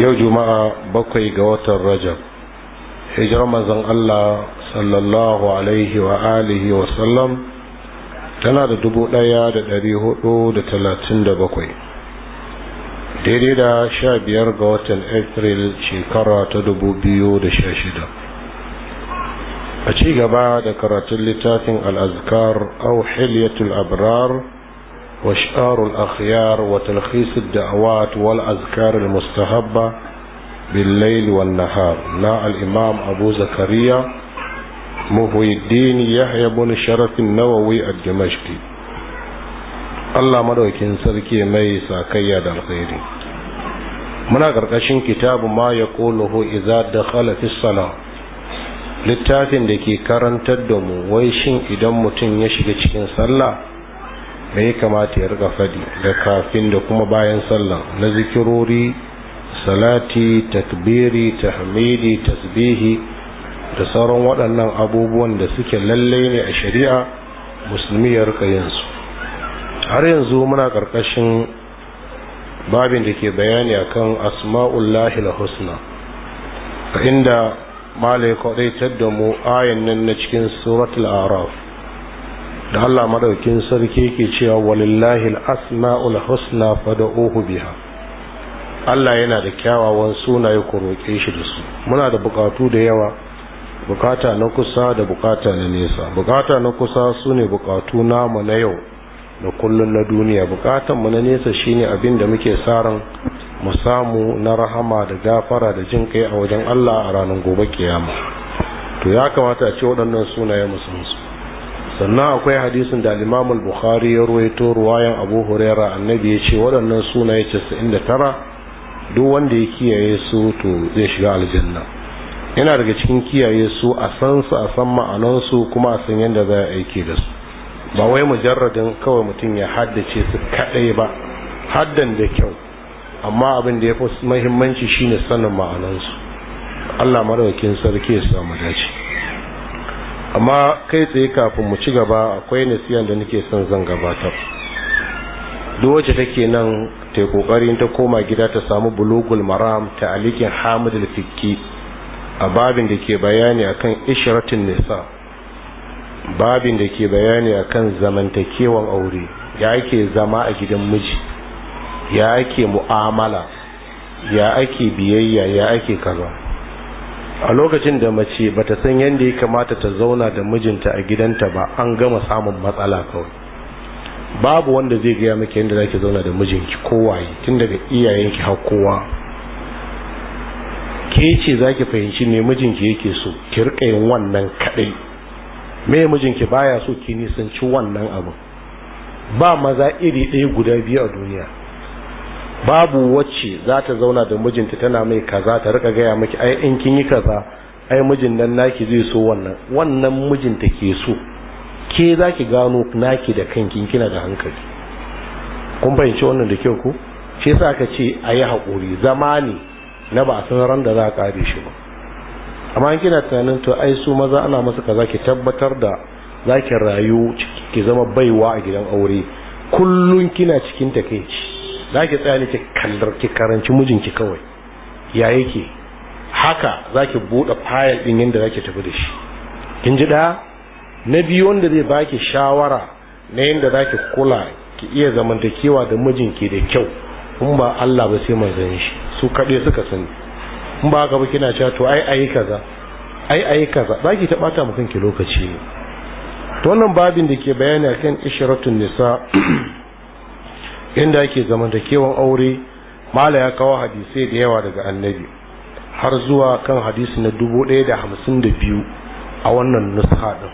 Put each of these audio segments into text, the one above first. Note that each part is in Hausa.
yau juma'a bakwai ga watan rajab hijirar mazan allah sallallahu alaihi wa alihi wa sallam tana da dubu ɗaya da dari hudu da talatin da bakwai daidai da sha biyar ga watan april shekara ta dubu biyu da sha shida a ci gaba da karatun littafin al'azkar au hilyatul abrar وشعار الأخيار وتلخيص الدعوات والأذكار المستحبة بالليل والنهار لا الإمام أبو زكريا مهوي الدين يحيى بن شرف النووي الدمشقي الله مدوكين سركي مي ساكيا الخير muna ƙarƙashin kitabu ma ya ƙoloho iza da fi sala littafin da ke karantar da mu wai shin idan mutum ya shiga cikin sallah da ya kamata ya rika fadi da kafin da kuma bayan sallah na zikirori salati takbiri tahmidi tasbihi da sauran waɗannan abubuwan da suke lallai ne a shari'a musulmi ya rika yin har yanzu muna ƙarƙashin babin da ke bayani akan asma'ullahi husna inda malai kwaɗaitar da mu ayan nan na cikin suratul araf da Allah madaukin sarki yake cewa walillahi al-asma'ul husna fad'uhu biha Allah yana da kyawawan sunaye ku roke shi da su muna da bukatu da yawa bukata na kusa da bukata na nesa bukata na kusa sune bukatu namu na yau da kullum na duniya bukatan mu na nesa shine abin da muke saran mu samu na rahama da gafara da jin kai a wajen Allah a ranar gobe kiyama to ya kamata a ce waɗannan sunaye mu san su sannan akwai hadisin da limamul bukhari ya ruwaito ruwayan abu huraira annabi ya ce waɗannan suna ya casa'in da tara duk wanda ya kiyaye su to zai shiga aljanna yana daga cikin kiyaye su a san su a san ma'anansu kuma a san yadda za a aiki da su ba wai mujarradin kawai mutum ya haddace su kaɗai ba haddan da kyau amma abin da ya fi muhimmanci shine sanin ma'anansu allah madaukin sarki ya samu dace amma kai tsaye kafin mu ci gaba akwai nasiyan da nake son zan gabatar duk wacce take nan ta kokarin ta koma gida ta samu bulugul maram ta alikin hamid a babin da ke bayani akan ishratin nisa babin da ke bayani akan zamantakewan aure ya ake zama a gidan miji ya ake mu'amala ya ake biyayya ya ake kaza a lokacin da mace bata san yadda ya kamata ta zauna da mijinta a gidanta ba an gama samun matsala kawai babu wanda zai gaya maka yadda zaki zauna da mijinki kowaye tun daga iyayenki har kowa ke ce zaki fahimci me mijinki yake so ki rika yin wannan kadai me mijinki baya so ki nisanci wannan abu ba maza iri ɗaya guda biyu a duniya babu wacce za ta zauna da mijinta tana mai kaza ta rika gaya maki, ai in kin yi kaza ai mijin nan naki zai so wannan wannan mijinta ke so ke zaki gano naki da kanki kina da hankali kun fahimci wannan da kyau ko shi yasa aka ce ayi yi zamani zama ne na ba a san ran da za a kare shi ba amma kina tunanin to ai su maza ana masa kaza ki tabbatar da za rayu ki zama baiwa a gidan aure kullun kina cikin takeici za ki tsaya ne ki kallar ki karanci mijinki kawai ya yake haka za ki buɗe fayal ɗin yadda za ki tafi da shi kin ji ɗaya na biyu wanda zai baki shawara na yadda za ki kula ki iya zamantakewa da mijinki da kyau in ba Allah ba sai manzon shi su kaɗai suka sani in ba haka ba kina cewa to ai ayi kaza ai ayi kaza za ki taɓa ta kanki lokaci ne to wannan babin da ke bayani akan isharatun nisa inda ake zamantakewan aure mala ya kawo hadisai da yawa daga annabi har zuwa kan hadisi na dubu ɗaya da hamsin da biyu a wannan nusha ɗin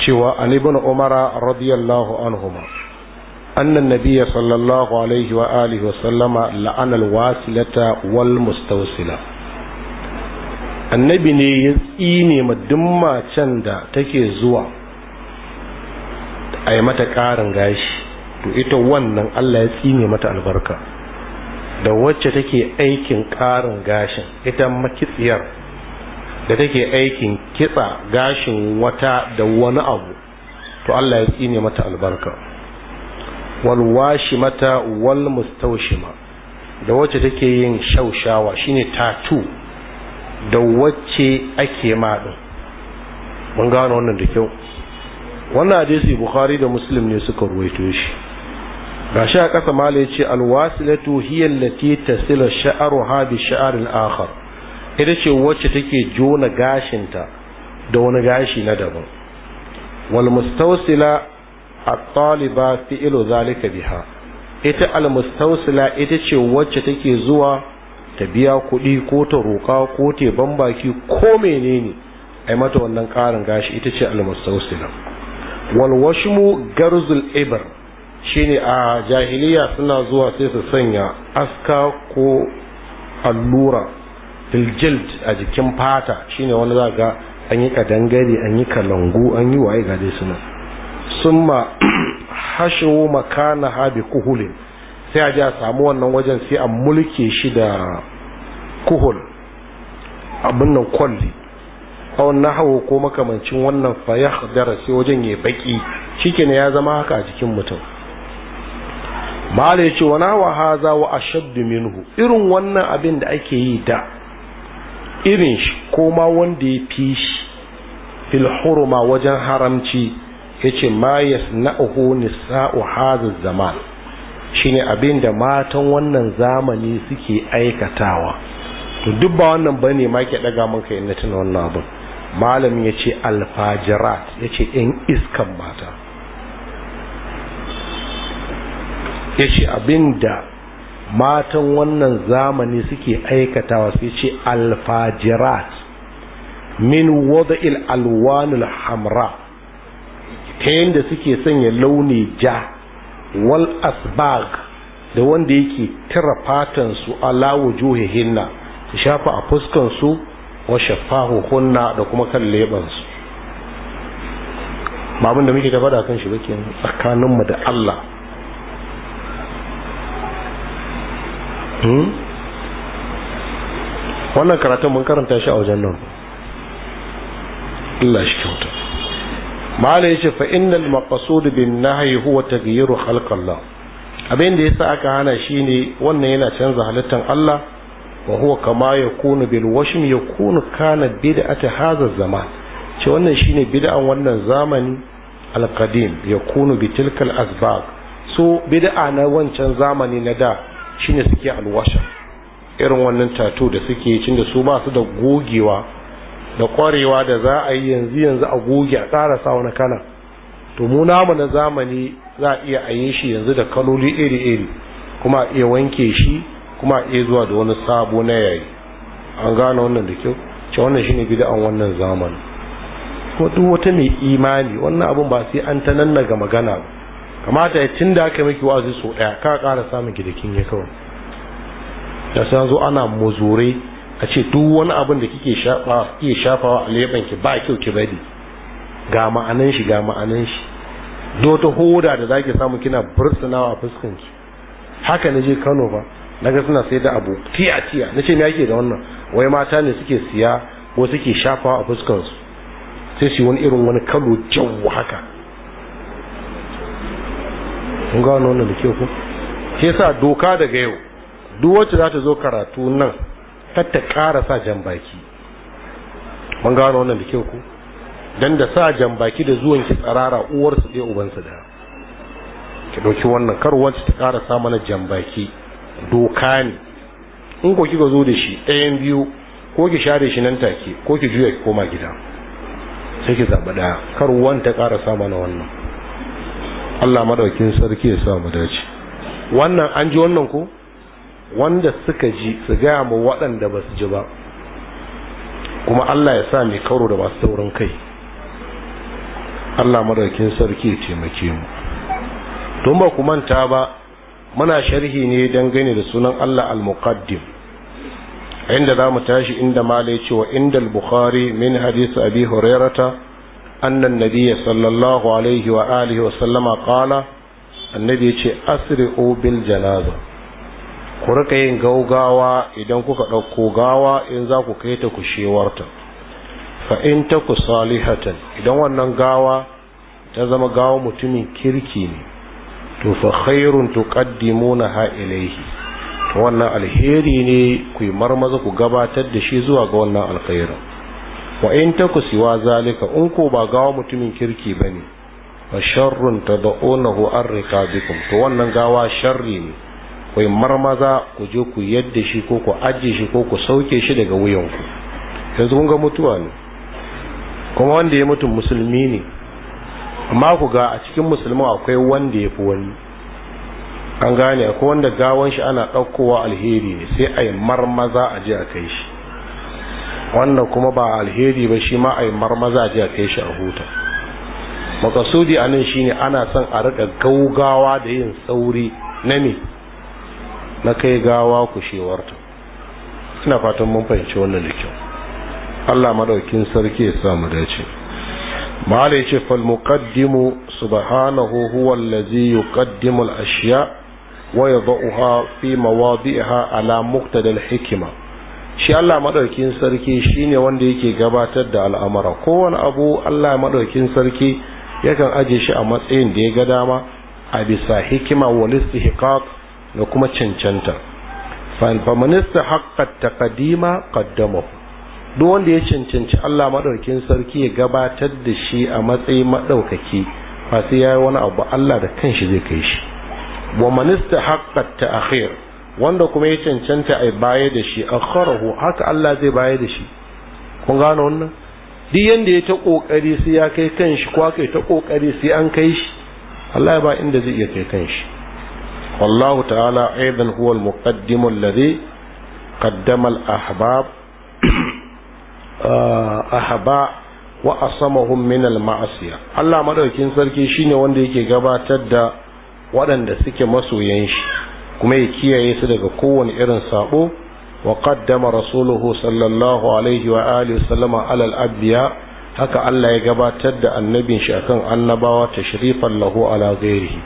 cewa an ibn umara radiyallahu anhuma annan nabiya sallallahu alaihi wa alihi wa sallama la'anal wasilata wal mustawsila annabi ne ya tsine ma macen da take zuwa a yi mata ƙarin gashi to ita wannan Allah ya tsine mata albarka da wacce take aikin ƙarin gashin ita makitsiyar da take aikin kitsa gashin wata da wani abu to Allah ya tsine mata albarka walwashi mata wal mustaushima da wacce take yin shaushawa shine tatu da wacce ake maɗin mun gano wannan da kyau wannan hadisi bukhari da muslim ne suka ruwaito shi gashi a ƙasa mala ya ce alwasilatu lati ta sila sha'aru bi sha'rin akhar ita ce wacce take jona gashinta da wani gashi na daban wal mustausila a taliba ilo zalika biha ita al mustausila ita ce wacce take zuwa ta biya kuɗi ko ta roƙa ko ta bambaki ko menene ai mata wannan ƙarin gashi ita ce al mustausila wal washmu garzul ibr shine a jahiliya suna zuwa sai su sanya aska ko allura filjild a jikin fata shine wani za ga an yi kadangare an yi kalangu an yi waye ga dai suna sun ma hashewo makana habi kuhulin sai a ji a samu wannan wajen sai a mulke shi da kuhul abin nan kwalli a wannan hawo ko makamancin wannan fayah wajen ya baki shikenan ya zama haka a jikin mutum malai yace wa wa haza wa ashadd minhu irin wannan abin da ake yi da irin shi ko ma wanda ya fi shi fil hurma wajen haramci yace ma yasna'uhu nisa'u hadha zaman shine abin da matan wannan zamani suke aikatawa to duk ba wannan bane ma ke daga mun kai na tuna wannan abin malamin yace alfajirat yace yan iskan mata ya ce abinda matan wannan zamani suke aikatawa sai ce alfajirat min wada'il alwanul hamra ta yadda suke sanya launi ja wal asbag da wanda yake su fatansu ala hinna, su shafa a fuskan fuskansu wa shafahuhunna da kuma kan lebansu Ma abin da muke ta faɗa kan shi ba tsakaninmu da Allah Hmm? wannan karatun mun karanta shi a wajen nan Allah shi kyauta mala yace fa innal maqsud bin nahyi huwa taghyiru khalqillah abinda da yasa aka hana shine wannan yana canza halittan Allah wa huwa kama yakunu bil ya yakunu kana bid'ata hadha zaman ce wannan shine bid'an wannan zamani al qadim yakunu bitilkal tilkal asbab so bid'a na wancan zamani na da shine suke alwasha irin wannan tato da suke cin da su ba su da gogewa da kwarewa da za a yi yanzu yanzu a goge a tsara sa wani kana to mu namu na zamani za a iya ayin shi yanzu da kaloli iri iri kuma a iya wanke shi kuma a iya zuwa da wani sabo na yayi an gane wannan da kyau ce wannan shine bid'an wannan zamani ko duk wata mai imani wannan abun ba sai an ta nannaga magana ba kamata ya tun da aka miki wa'azi so ɗaya ka kara samun ki da ya kawai da sai zo ana muzure a ce duk wani abin da kike shafa kike shafawa a leban ki ba kyau ki bari ga ma'anan shi ga ma'anan shi do ta hoda da zaki samu kina burtsinawa a fuskan ki haka na je Kano ba naga suna sai da abu tiya tiya nace me yake da wannan wai mata ne suke siya ko suke shafawa a fuskan su sai shi wani irin wani kalo jawu haka kun gano wannan da ke ku shi yasa doka daga yau duk wacce za ta zo karatu nan ta ta ƙara sa jan baki mun gano wannan da ke ku dan da sa jan baki da zuwan ki tsarara uwar su dai uban su da ki ɗauki wannan kar wacce ta ƙara sa mana jan baki doka ne in ko kika zo da shi ɗayan biyu ko ki share shi nan take ko ki juya ki koma gida sai ki zaɓa ɗaya kar wani ta ƙara sa mana wannan Allah madaukin sarki ya sa mu dace wannan an ji wannan ko wanda suka ji su gaya mu waɗanda ba su ji ba kuma Allah ya sa mai karo da masu taurin kai Allah madaukin sarki ya taimake mu don ba ku manta ba muna sharhi ne dangane da sunan Allah al-muqaddim inda za mu tashi inda malai cewa inda al-bukhari min hadisi abi hurairata أن النبي صلى الله عليه وآله وسلم قال النبي يقول أسرعوا بالجنازة ku rika yin gaugawa idan kuka ɗauko gawa in za ku kai ta ku shewarta fa in ta ku salihatan idan wannan gawa ta zama gawa mutumin kirki ne to fa khairun tuqaddimuna ha ilaihi to wannan alheri ne ku yi marmaza ku gabatar da shi zuwa ga wannan alkhairin wa in taku siwa zalika in ko ba gawa mutumin kirki ne ba sharrun tad'unahu an bikin to wannan gawa sharri ne kai marmaza ku je ku yadda shi ko ku ajiye shi ko ku sauke shi daga wuyanku yanzu kun ga mutuwa ne kuma wanda ya mutu musulmi ne amma ku ga a cikin musulmin akwai wanda ya fi wani an gane akwai wanda gawan shi ana ɗaukowa alheri ne sai a yi marmaza a je a kai shi Wannan kuma ba alheri ba shi ma a yi marmaza a kai shi a huta makasudi a nan shine ana son a rika gaugawa da yin sauri na ne na kai gawa ku shewarta ina fatan mun fahimci wannan da kyau Allah madaukin sarki ya samu dace Falmu yace fal muqaddimu subhanahu huwa allazi yuqaddimu al ashiya wa yadhuha fi mawadi'iha ala muqtada al hikma shi Allah madaukin sarki shine wanda yake gabatar da al'amara kowane abu Allah madaukin sarki yakan aje shi a matsayin da ya ga dama a bisa hikima wal istihqaq da kuma cancanta fa manista istahaqqa taqdima qaddamahu duk wanda ya cancanci Allah madaukin sarki ya gabatar da shi a matsayin madaukaki fa sai yayi wani abu Allah da kanshi zai kai shi wa manista ta ta'khir wanda kuma ya cancanta a baya da shi akharahu haka Allah zai baya da shi kun gano wannan duk yanda ya ta kokari sai ya kai kanshi ko kai ta kokari sai an kai shi Allah ba inda zai iya kai kanshi wallahu ta'ala aidan huwal al-muqaddim alladhi qaddama al-ahbab ahba wa asamahum min al-ma'siyah Allah madaukin sarki shine wanda yake gabatar da waɗanda suke masoyan shi kuma ya kiyaye su daga kowane irin sabo wa qaddama rasuluhu sallallahu alaihi wa alihi sallama alal abiya haka Allah ya gabatar da annabin shi akan annabawa tashrifan lahu ala ghairihi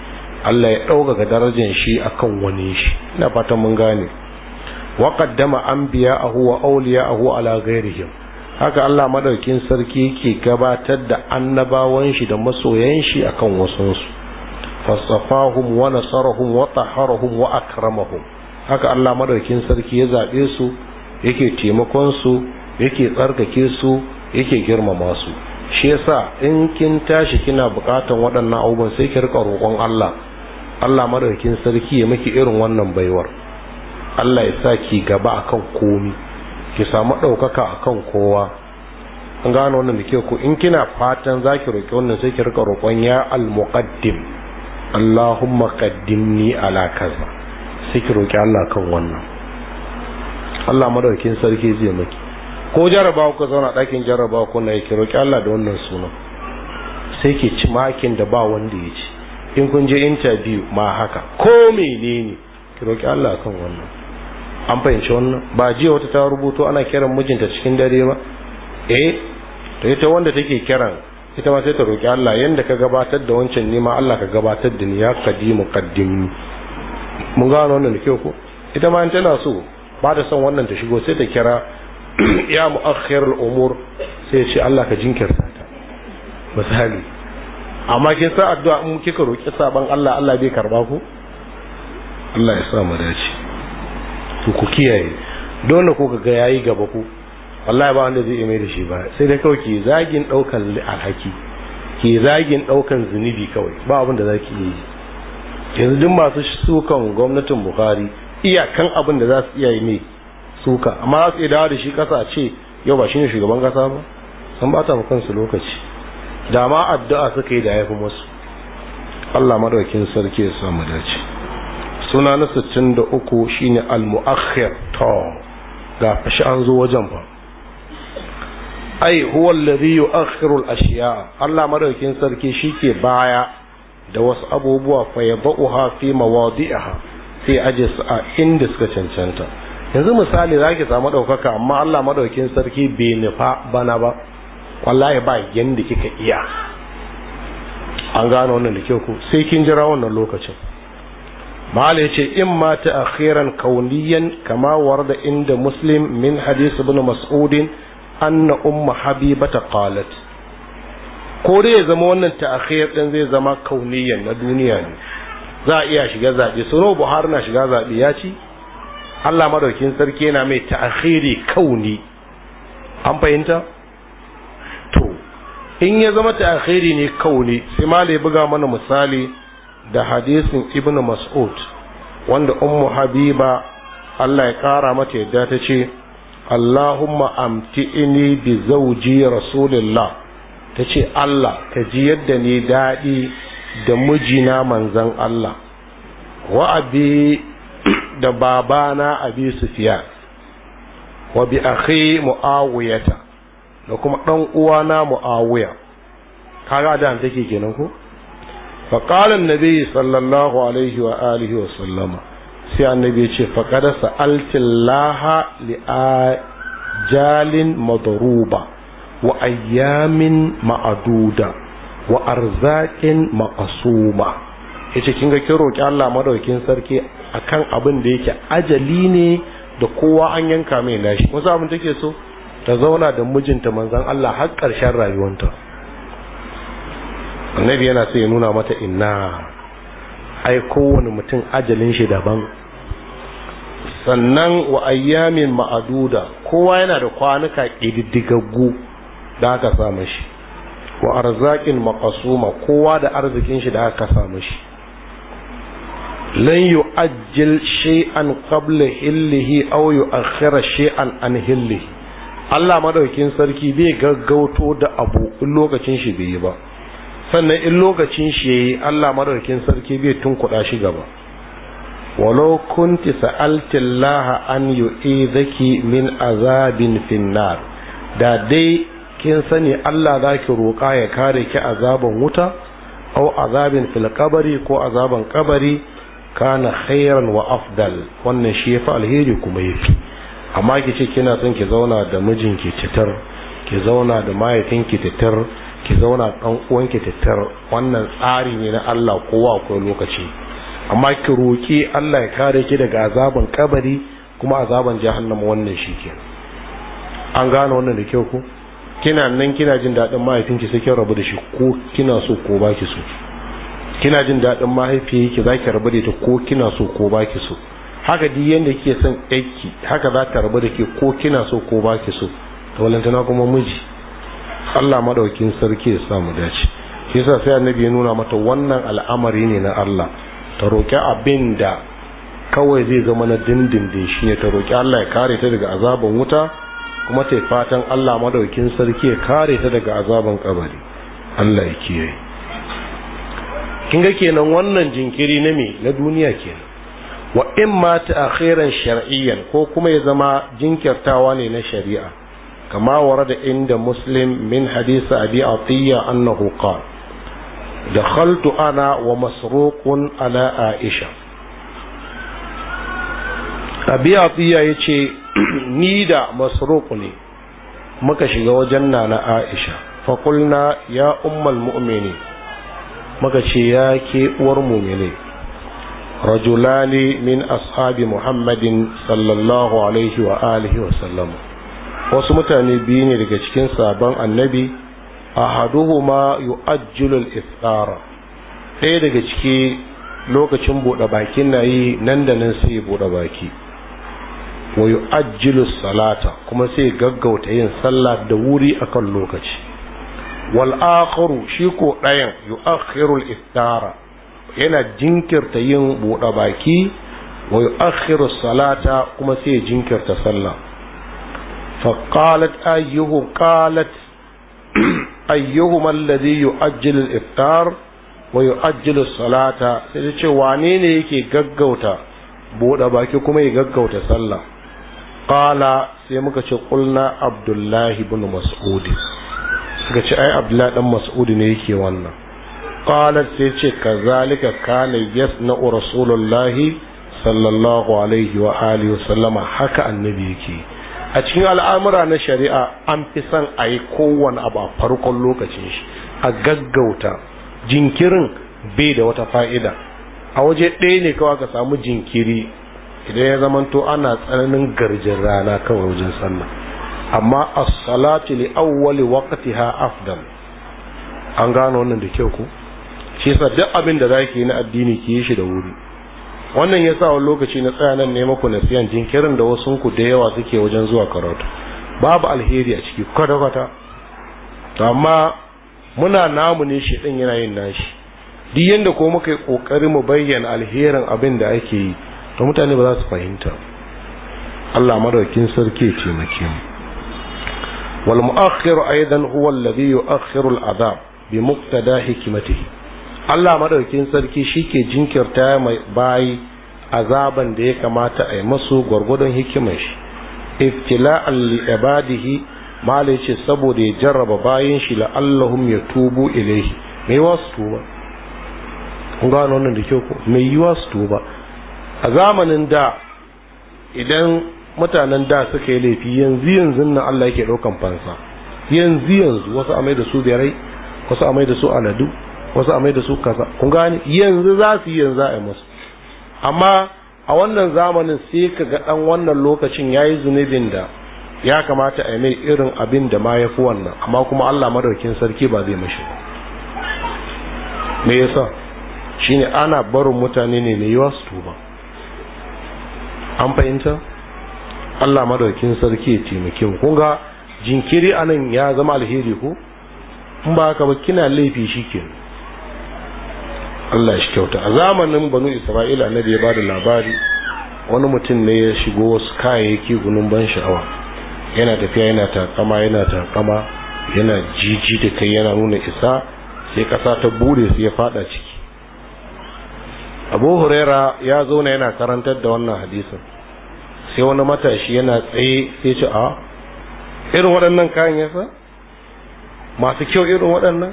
Allah ya ɗaukaka darajar shi akan wani shi ina fatan mun gane wa qaddama anbiya'ahu wa awliya'ahu ala ghairihi haka Allah madaukin sarki ke gabatar da annabawan shi da masoyan shi akan wasansu fasafahum wa nasarahum wa taharahum wa akramahum haka Allah madaukin sarki ya zabe su yake taimakon su yake tsarkake su yake girmama su shi yasa in kin tashi kina bukatan waɗannan abubuwan sai ki rika roƙon Allah Allah madaukin sarki ya miki irin wannan baiwar Allah ya sa ki gaba akan komi ki samu ɗaukaka akan kowa an gano wannan da ke ku in kina fatan zaki ki roƙi wannan sai ki rika roƙon ya al-muqaddim Allahumma qaddimni ala kaza sai ki roki Allah kan wannan Allah madaukin sarki zai miki ko jaraba ku zauna ɗakin jaraba ku na ki roki Allah da wannan sunan sai ki ci makin da ba wanda ya ci in kun je interview ma haka ko menene ki roki Allah kan wannan an fahimci wannan ba jiya wata ta rubuto ana kiran mijinta cikin dare ba eh to ita wanda take kiran ita ma sai ta roki Allah yanda ka gabatar da wancan nema Allah ka gabatar da ni ya qadimu qaddimni mun gano wannan da kyau ko ita ma tana so ba da son wannan ta shigo sai ta kira ya mu'akhir al-umur sai ce Allah ka jinkirta ta misali amma kin sa addu'a in kika roki saban Allah Allah bai karba ku Allah ya sa mu dace to ku kiyaye dole ko ga yayi gaba ku wallahi ba wanda zai mai da shi ba sai dai kawai ke zagin daukan alhaki ke zagin daukan zunubi kawai ba abin da za ki yi yanzu duk masu sukan gwamnatin buhari iyakan abin da za su iya yi mai. suka amma za su iya dawo da shi kasa ce yau ba shi ne shugaban kasa ba ba ta mu kansu lokaci da ma addu'a suka yi da ya fi musu allah madaukin sarki ya samu dace suna na 63 shine al-mu'akhir to ga fashi an zo wajen ba ai huwa alladhi yu'akhiru al-ashiya Allah madaukin sarki shi ke baya da wasu abubuwa fa yabauha fi mawadi'iha sai aje su a inda suka cancanta yanzu misali zaki samu daukaka amma Allah madaukin sarki bai nufa bana ba wallahi ba yanda kika iya an gano wannan da kyau sai kin jira wannan lokacin mala ya ce in ma ta akhiran kauniyan kama warda inda muslim min hadisi ibn mas'udin anna umma habibata qalat ko dai ya zama wannan ta'akhir din zai zama kauniyan na duniya ne za a iya shiga zabe suno buhari na shiga zabe ya ci Allah madaukin sarki yana mai ta'akhiri kauni an fahimta to in ya zama ta'akhiri ne kauni sai malai buga mana misali da hadisin ibnu mas'ud wanda ummu habiba Allah ya kara mata yadda ta ce Allahumma amti inibi zauji rasulillah ta ce Allah ka ji yadda ni daɗi da mijina manzan Allah wa da babana abi sufiyan wa bi akhi muawiyata da kuma dan uwana muawiya kaga da an take kenan ko fa qala an-nabi sallallahu alaihi wa alihi wa sallama sai annabi ya ce faƙada sa'altillaha li'ajalin madaruba wa ayyamin ma'aduda wa arzaƙin maƙasuma ya ce kin ga kin roƙi Allah madaukin sarki akan abin da yake ajali ne da kowa an yanka mai nashi wasu abin take so ta zauna da mijinta manzan Allah har ƙarshen rayuwanta annabi yana so ya nuna mata inna ai kowane mutum ajalin shi daban sannan wa ayyamin ma'aduda kowa yana da kwanuka ƙididdigaggu da aka samu shi wa arzakin makasuma kowa da arzikin shi da aka samu shi. lan yu'ajjil shay'an qabla hillihi aw yu'akhkhira shay'an an hillihi Allah madaukin sarki bai gaggauto da abu lokacin shi bai yi ba sannan in lokacin shi yayi Allah madaukakin sarki bai tunkuɗa shi gaba walau kunti sa'altillaha an yu'idhaki min azabin finnar da dai kin sani Allah zaki roƙa ya kare ki azaban wuta au azabin fil qabri ko azaban qabri kana khairan wa afdal wannan shi yafi alheri kuma yafi amma kice kina son ki zauna da mijinki titar ki zauna da mahaifinki titar ki zauna ɗan uwanki tattar wannan tsari ne na Allah kowa akwai lokaci amma ki roƙi Allah ya kare ki daga azaban kabari kuma azaban jahannama wannan shi ke an gane wannan da kyau ko kina nan kina jin daɗin mahaifinki sai kin rabu da shi ko kina so ko ba ki so kina jin daɗin mahaifiyarki za ki rabu da ita ko kina so ko ba ki so haka duk yanda kike son ɗanki haka za ta rabu da ke ko kina so ko ba ki so to kuma miji Allah madaukin sarki ya samu dace shi yasa sai annabi ya nuna mata wannan al'amari ne na Allah ta roƙi abinda kawai zai zama na dindindin shi ne ta roƙi Allah ya kare ta daga azaban wuta kuma ta fatan Allah madaukin sarki ya kare ta daga azaban kabari Allah ya kiyaye kin ga kenan wannan jinkiri na me na duniya kenan wa imma ta akhiran shar'iyyan ko kuma ya zama jinkirtawa ne na shari'a كما ورد عند مسلم من حديث أبي عطية أنه قال دخلت أنا ومسروق على عائشة أبي عطية يتشي نيدا مسروقني مكشي وجنة على عائشة فقلنا يا أم المؤمنين مكشي ياكي ورمومنين رجلان من أصحاب محمد صلى الله عليه وآله وسلم wasu mutane biyu ne daga cikin sabon annabi a ahaduhuma yu'ajjilul iftara ɗaya daga ciki lokacin buɗe baki na yi nan da nan sai buɗe baki wa ajiyar salata kuma sai gaggauta yin sallah da wuri akan lokaci wal akharu shi ko ɗayan yu'akhirul iftara yana jinkirta yin buɗe baki wa yu'akhiru salata kuma sai jinkirta sallah فقالت أيه قالت أيهما الذي يؤجل الإفطار ويؤجل الصلاة تجي وانين يكي غغوتا بودا باكي كما يغغوتا صلى قال سيمك قلنا عبد الله بن مسعود suka ce ai abdullahi dan mas'udi ne yake wannan qalat sai ce kazalika kana yasna rasulullahi sallallahu alaihi wa alihi wa sallama haka annabi yake a cikin al'amura na shari'a an fi son a yi kowane abu a farkon lokacin shi a gaggauta jinkirin bai da wata fa'ida a waje ɗaya ne kawai ka samu jinkiri idan ya zamanto ana tsananin garjin rana kawai wajen sanna amma as-salatu li awwali waqtiha afdal an gano wannan da kyau ko shi yasa duk abin da zaki yi na addini ki yi shi da wuri wannan ya sa wani lokaci na tsaya nan ne maku siyan jinkirin da wasu ku da yawa suke wajen zuwa karatu babu alheri a ciki kwata-kwata amma muna namu ne shi din yana yin nashi duk yanda ko muka yi kokari mu bayyana alherin abin da ake yi to mutane ba za su fahimta Allah madaukin sarki ce muke mu wal mu'akhkhiru aidan huwa alladhi yu'akhkhiru al'adab bi muqtada hikmatihi Allah madaukin sarki shike jinkirta mai bayi azaban da ya kamata a yi masu gwargwadon hikimar shi iftila li ibadihi mala yace saboda ya jarraba bayin shi allahum yatubu ilayhi mai wasu tuba kun ga wannan da kyau ko mai yiwa su tuba a zamanin da idan mutanen da suka yi laifi yanzu yanzu nan Allah yake daukan fansa yanzu yanzu wasu amai da su birai wasu amai da su aladu wasu a mai da su kaza kun gane yanzu za su yi yanzu a yi musu amma a wannan zamanin sai ka ga ɗan wannan lokacin ya yayi zunubin da ya kamata a mai irin abin da ma ya fi wannan amma kuma Allah madaukin sarki ba zai mashi me yasa shine ana barin mutane ne mai yiwa su tuba an fahimta Allah madaukin sarki ya taimake mu kun ga jinkiri anan ya zama alheri ko in ba haka ba kina laifi shi kenan Allah shi kyauta a zamanin banu isra'ila annabi ya bada labari wani mutum ne ya shigo wasu kayayyaki gunun ban sha'awa yana tafiya yana takama yana takama yana jiji da kai yana nuna isa sai kasa ta bude sai ya fada ciki abu huraira ya zauna yana karantar da wannan hadisin sai wani matashi yana tsaye sai ce a irin waɗannan kayan yasa masu kyau irin waɗannan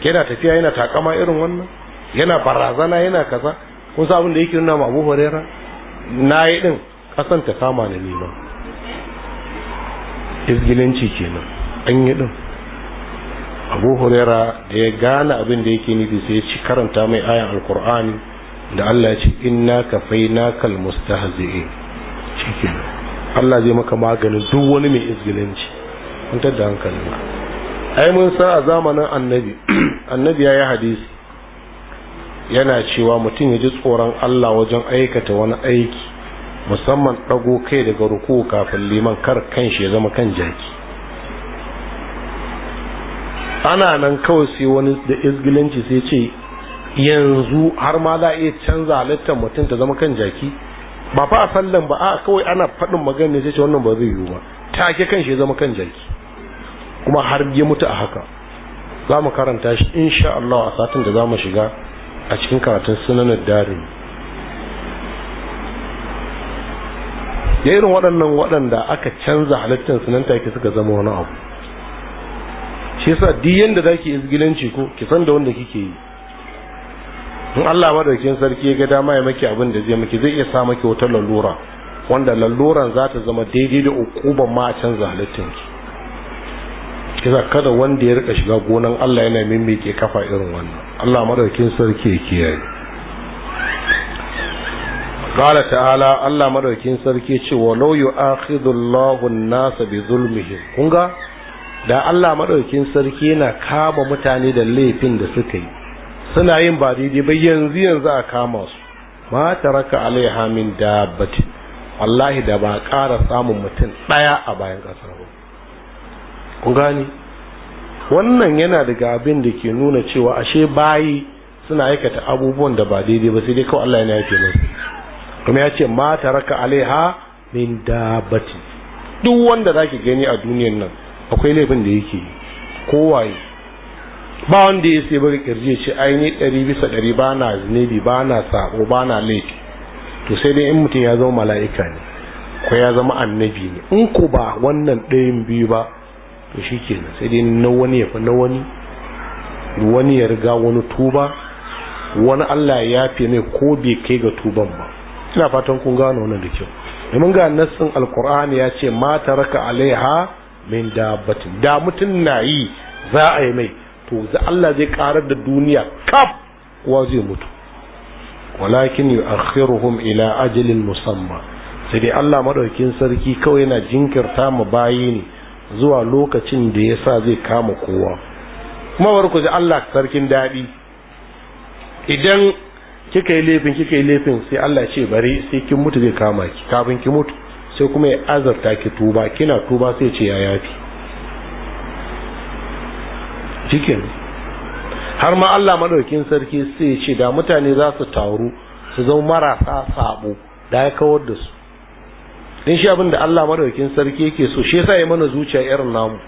yana tafiya yana takama irin wannan yana barazana yana kaza kun sa abin da yake nuna ma Abu Huraira na yi din kasan ta kama ni neman izgilanci kenan an yi din Abu Huraira da ya gane abin da yake nufi sai ya ci karanta mai ayan Alkur'ani da Allah ya ce inna kafainakal mustahzi'in cikin Allah zai maka maganin duk wani mai izgilanci kun da ba. ai mun sa a zamanin annabi annabi ya yi hadisi yana cewa mutum ya ji tsoron Allah wajen aikata wani aiki musamman ɗago kai daga ruku kafin liman kar kan shi ya zama kan jaki ana nan kawai sai wani da izgilanci sai ce yanzu har ma za a iya canza halittar mutum ta zama kan jaki ba fa a sallan ba a kawai ana faɗin magana ne sai ce wannan ba zai yiwu ba take kan shi ya zama kan jaki kuma har ya mutu a haka za mu karanta shi insha Allah a satin da za mu shiga a cikin karatun sunanar darin ya irin waɗannan waɗanda aka canza halittar sunan take suka zama wani abu shi yasa duk za zaki izgilanci ko ki san da wanda kike yi in Allah madaukakin sarki ya ga dama ya maki abin da zai maki zai iya sa maki wata lalura wanda laluran za ta zama daidai da ukuban ma a canza halittar ki kisa kada wanda ya rika shiga gonan Allah yana mimike kafa irin wannan Allah madaukin sarki ya kiyaye قال ta'ala Allah madaukin sarki ce walau yu'akhidhu Allahu an-nasa bi zulmihim kun ga da Allah madaukin sarki yana kaba mutane da laifin da suka yi suna yin ba daidai ba yanzu yanzu a kama su ma taraka alaiha min dabbati wallahi da ba ƙara samun mutum ɗaya a bayan ƙasar ba kun wannan yana daga abin da ke nuna cewa ashe bayi suna aikata abubuwan da ba daidai ba sai dai kawai Allah ya ke musu kuma ya ce ma taraka alaiha min dabati duk wanda zaki gani a duniyar nan akwai laifin da yake kowaye ba wanda ya sai bari kirji ce ai ɗari bisa ɗari ba na zinebi ba na sako ba na laifi to sai dai in mutum ya zama mala'ika ne ko ya zama annabi ne in ku ba wannan ɗayan biyu ba to shi kenan sai dai na wani ya fi na wani wani ya riga wani tuba wani Allah ya fi mai ko bai kai ga tuban ba ina fatan kun gano wannan da kyau domin ga nassin alkur'ani ya ce ma raka alaiha min dabbatin da mutum na yi za a yi mai to za Allah zai karar da duniya kaf kuwa zai mutu walakin yu'akhiruhum ila ajalin musamman sai dai Allah madaukin sarki kawai yana jinkirta mu bayi ne zuwa lokacin da ya sa zai kama kowa kuma bari ku ji Allah sarkin daɗi idan kika yi laifin kika yi laifin sai Allah ce bari sai kin mutu zai kama ki kafin ki mutu sai kuma ya azarta ki tuba kina tuba sai ce ya yafi cikin har ma Allah madaukin sarki sai ce da mutane za su taru su zama marasa sabo da ya kawar da su dan shi abin da Allah madaukakin sarki yake so shi yasa ya mana zuciya irin namu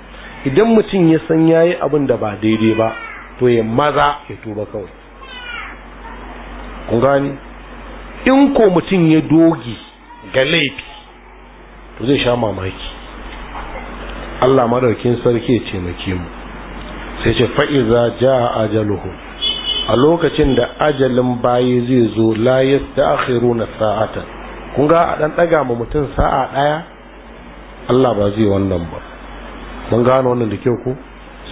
idan mutum ya san yayi abin da ba daidai ba to ya maza ya tuba kawai kun gani in ko mutum ya dogi ga laifi to zai sha mamaki Allah madaukakin sarki ya taimake mu sai ce fa'iza ja ajaluhu a lokacin da ajalin bayi zai zo la yasta'khiruna sa'atan kun ga a dan daga ma mutum sa'a daya Allah ba zai wannan ba mun gano wannan da kyau ku.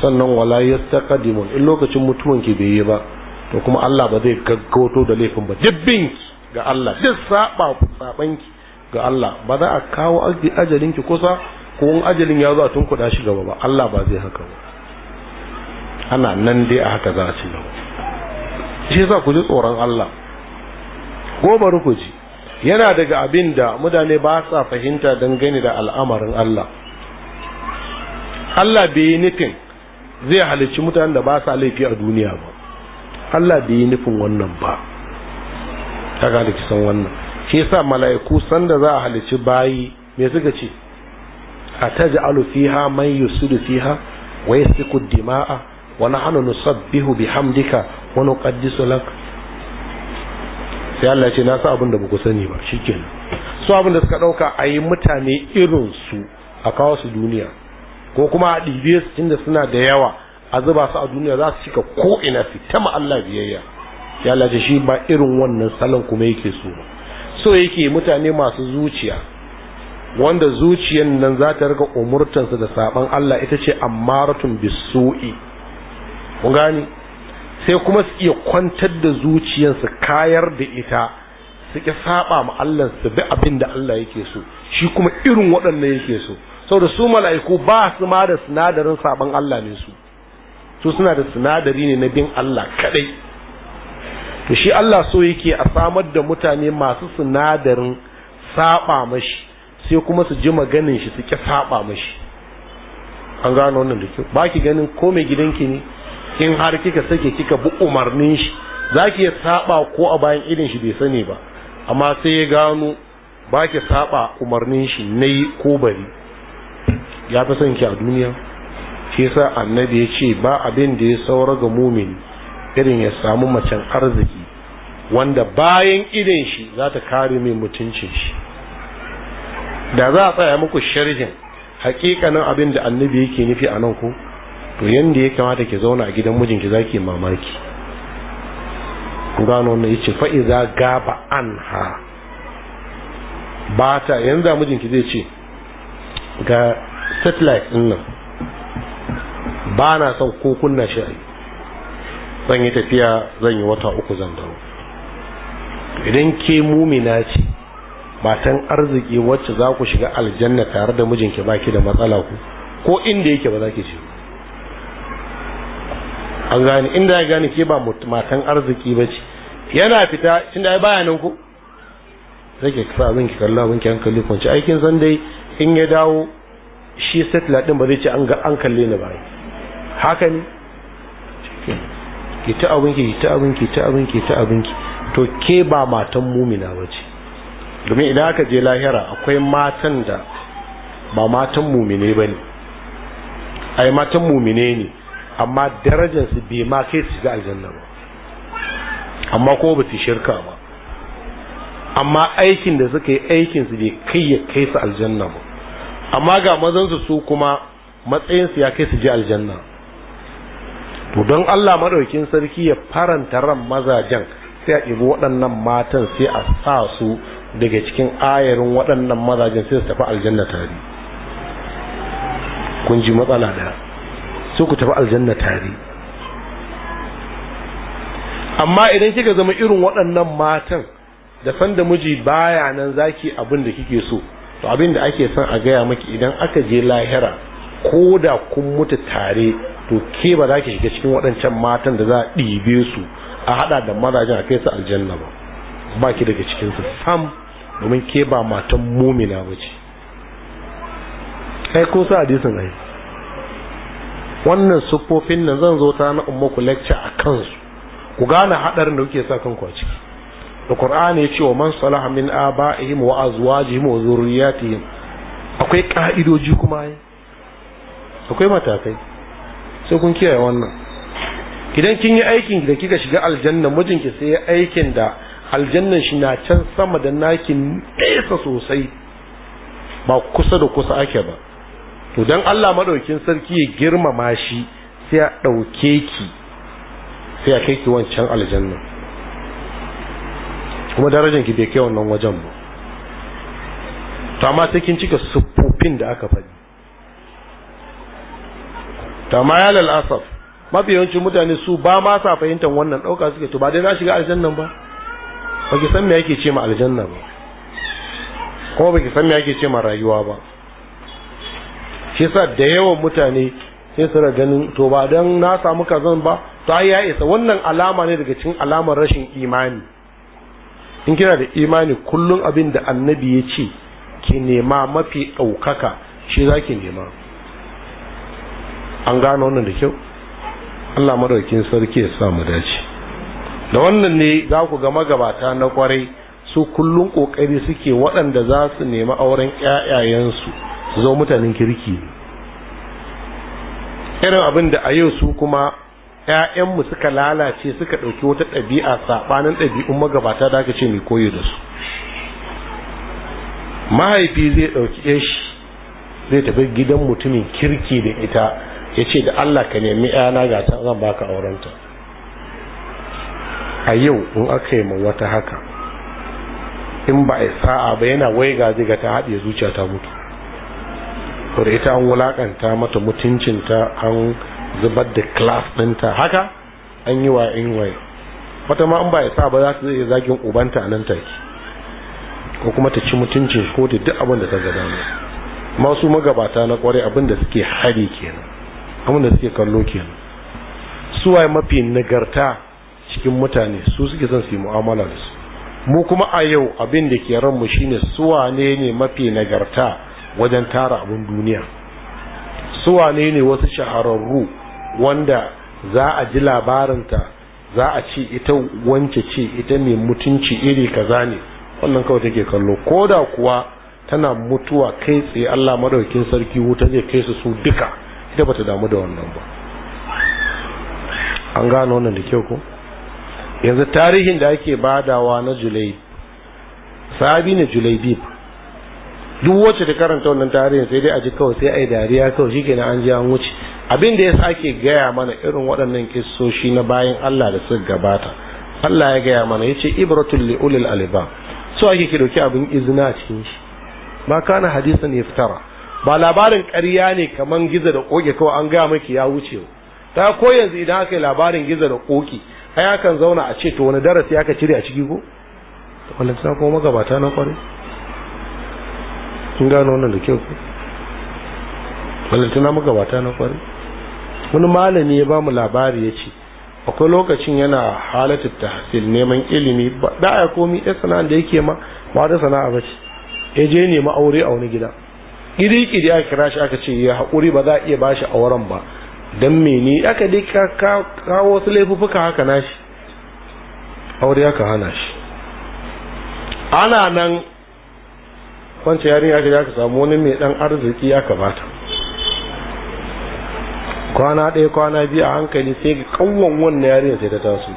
sannan wala yastaqdimu in lokacin mutumin ki bai yi ba to kuma Allah ba zai gaggauto da laifin ba dibbin ga Allah duk saba ku saban ga Allah ba za a kawo ajalin ki kusa ko in ajalin ya zo a tunkuda shi gaba ba Allah ba zai haka ba ana nan dai a haka za a ci gaba shi yasa ku ji tsoron Allah ko bari yana daga abin da mutane ba sa fahimta gani da al'amarin Allah Allah bai yi nufin zai halicci mutanen da ba sa laifi a duniya ba Allah bai yi nufin wannan ba ta ga san wannan shi sa mala'iku sanda za a halicci bayi me suka ce a taj'alu fiha man yusudu fiha wa yasfiku dima'a wa nahnu nusabbihu bihamdika wa nuqaddisu lak sai Allah ce na sa abin da baku sani ba shikenan su abin da suka dauka a yi mutane irin su a kawo su duniya ko kuma a ɗibe su tunda suna da yawa a zuba su a duniya za su cika ko ina su ta ma Allah biyayya ya Allah shi ba irin wannan salon kuma yake so so yake mutane masu zuciya wanda zuciyan nan za ta rika umurtansa da saban Allah ita ce ammaratun bisu'i kun gani sai kuma su iya kwantar da zuciyarsu kayar da ita su ƙi saba ma Allah su bi abin da Allah yake so shi kuma irin waɗannan yake so saboda su mala'iku ba su ma da sinadarin saban Allah ne su su suna da sinadari ne na bin Allah kadai to shi Allah so yake a samar da mutane masu sinadarin saba mashi sai kuma su ji maganin shi su ƙi saba mashi an gano wannan da kyau ba ki ganin ko mai gidanki ne in har kika sake kika bi umarnin shi zaki ya saba ko a bayan irin shi bai sani ba amma sai ya gano ba ki saba umarnin shi nayi ko bari ya fi son ki a duniya shi yasa annabi ya ce ba abin da ya saura ga mumini irin ya samu macen arziki wanda bayan idan shi za ta kare mai mutuncin shi da za a tsaya muku sharhin hakikanin abin da annabi yake nufi a nan ko to yanda ya kamata ki zauna a gidan mijinki zaki mamaki gano wannan yace fa iza gaba anha ba ta mijinki zai ce ga satellite din nan ba na son ko kunna shi a zan yi tafiya zan yi wata uku zan dawo idan ke mumina ce matan arziki wacce za ku shiga aljanna tare da mijinki baki da matsala ku ko inda yake ba za ki shiga an gane inda ya gane ke ba matan arziki ba ce yana fita da ya baya nan ku sai ke kasa abin ki kalla abin ki hankali kwanci aikin san dai in ya dawo shi set din ba zai ce an ga an kalle ni ba haka ne ki ta abin ki ta abin ki ta abin ki ta abin ki to ke ba matan mumina ba ce domin idan aka je lahira akwai matan da ba matan mumine ba ne ai matan mumine ne amma darajarsu bai ma kai su shiga aljanna ba amma ko ba su shirka ba amma aikin da suka yi aikin bai kai ya kai su aljanna ba amma ga mazansu su kuma matsayinsu ya kai su ji aljanna to don Allah madaukin sarki ya faranta ran mazajen sai a ɗibi waɗannan matan sai a sa su daga cikin ayarin waɗannan mazajen sai su tafi aljanna tare kun ji matsala daya. So ku tafi aljanna tare amma idan kika zama irin waɗannan matan da sanda miji baya nan zaki abin da kike so to abin da ake son a gaya maki idan aka je lahira ko da kun mutu tare to ke ba za ki shiga cikin waɗancan matan da za a ɗibe su a haɗa da marajin a kai su aljanna ba ba ki daga cikinsu sam domin ke ba matan mumina ba ce kai ko sa hadisin ai wannan siffofin nan zan zo ta na umma ku lecture a kansu ku gane hadarin da kuke sa kanku a ciki da qur'ani ya ce wa man salaha min aba'ihim wa azwajihim wa zurriyatihim akwai ka'idoji kuma ai akwai matakai sai kun kiyaye wannan idan kin yi aikin da kika shiga aljanna mijinki sai ya aikin da aljannan shi na can sama da nakin nesa sosai ba kusa da kusa ake ba to don Allah maɗaukin sarki ya girmama shi sai a ɗauke ki sai a kai ki wancan aljanna kuma darajar ki bai kai wannan wajen ba to amma sai kin cika siffofin da aka faɗi to amma ya lalasaf mafi yawancin mutane su ba ma sa fahimtar wannan ɗauka suke to ba dai za shiga aljannan ba ba ki san me yake ce ma aljanna ba kuma ba ki san me yake ce ma rayuwa ba shi yasa da yawan mutane sai su ganin to ba dan na samu kazan ba to ai ya isa wannan alama ne daga cikin alamar rashin imani in kina da imani kullum abin da annabi ya ce ki nema mafi ɗaukaka shi za ki nema an gano wannan da kyau allah madaukin sarki ya samu dace da wannan ne za ku ga magabata na kwarai su kullun ƙoƙari suke waɗanda za su nemi auren 'ya'yayensu su zama mutanen kirki irin abin da a yau su kuma ‘ya'yanmu suka lalace suka ɗauki wata ɗabi'a saɓanin ɗabi'un magabata da aka ce mai koyo da su mahaifi zai ɗauki shi zai tafi gidan mutumin kirki da ita ya ce da Allah ka nemi ‘yana ga ta zan baka aurenta a yau in aka yi ma wata haka in ba a sa'a ba yana waiga zai ga ta haɗe zuciya ta mutu to da ita an wulakanta mata mutuncinta an zubar da class ɗinta haka an yi wa in wai wata ma an ba ya sa ba za ta zai zagin ubanta a nan take ko kuma ta ci mutuncin ko ta duk abin da ta ga dama masu magabata na kwarai abin da suke hari kenan abin da suke kallo kenan su waye mafi nagarta cikin mutane su suke son su yi mu'amala da su mu kuma a yau abin da ke ranmu shine su wane ne mafi nagarta wajen tara abin duniya su wane ne wasu shahararru wanda za a ji labarinta za a ce ita wance ce ita mai mutunci iri kaza ne wannan kawai take kallo ko da kuwa tana mutuwa kai tsaye Allah madaukin sarki wuta zai kai su su duka ita bata damu da wannan ba an gano wannan da kyau ko yanzu tarihin da ake badawa na julai sabi ne julaibib duk wacce ta karanta wannan tarihin sai dai a ji kawai sai a yi dariya kawai shi kenan an ji an wuce abin da ya ake gaya mana irin waɗannan kisoshi na bayan Allah da suka gabata Allah ya gaya mana ya ce ibratul li'ulil aliba so ake ki dauki abin izina a cikin shi ma kana hadisan fitara. ba labarin karya ne kaman giza da koke kawai an gaya maki ya wuce ta ko yanzu idan aka yi labarin giza da koke ai akan zauna a ce to wani darasi aka cire a ciki ko to kuma magabata na kwarai Kun gano wannan da kyau balantana magabata na kwari wani malami ya ba mu labari ya ce akwai lokacin yana halatta hasil neman ilimi ba da ya komi ya sana da yake ma ba da sana'a ba ce ya je nema aure a wani gida kiri kiri aka kira shi aka ce ya haƙuri ba za a iya bashi auren ba don mene aka dai kawo wasu laifuka haka nashi aure aka hana shi ana nan wancan yarinya ka ka samu wani mai dan arziki ya kamata kwana ɗaya kwana biyu a hankali sai ga kawon wannan yarinya sai ta taso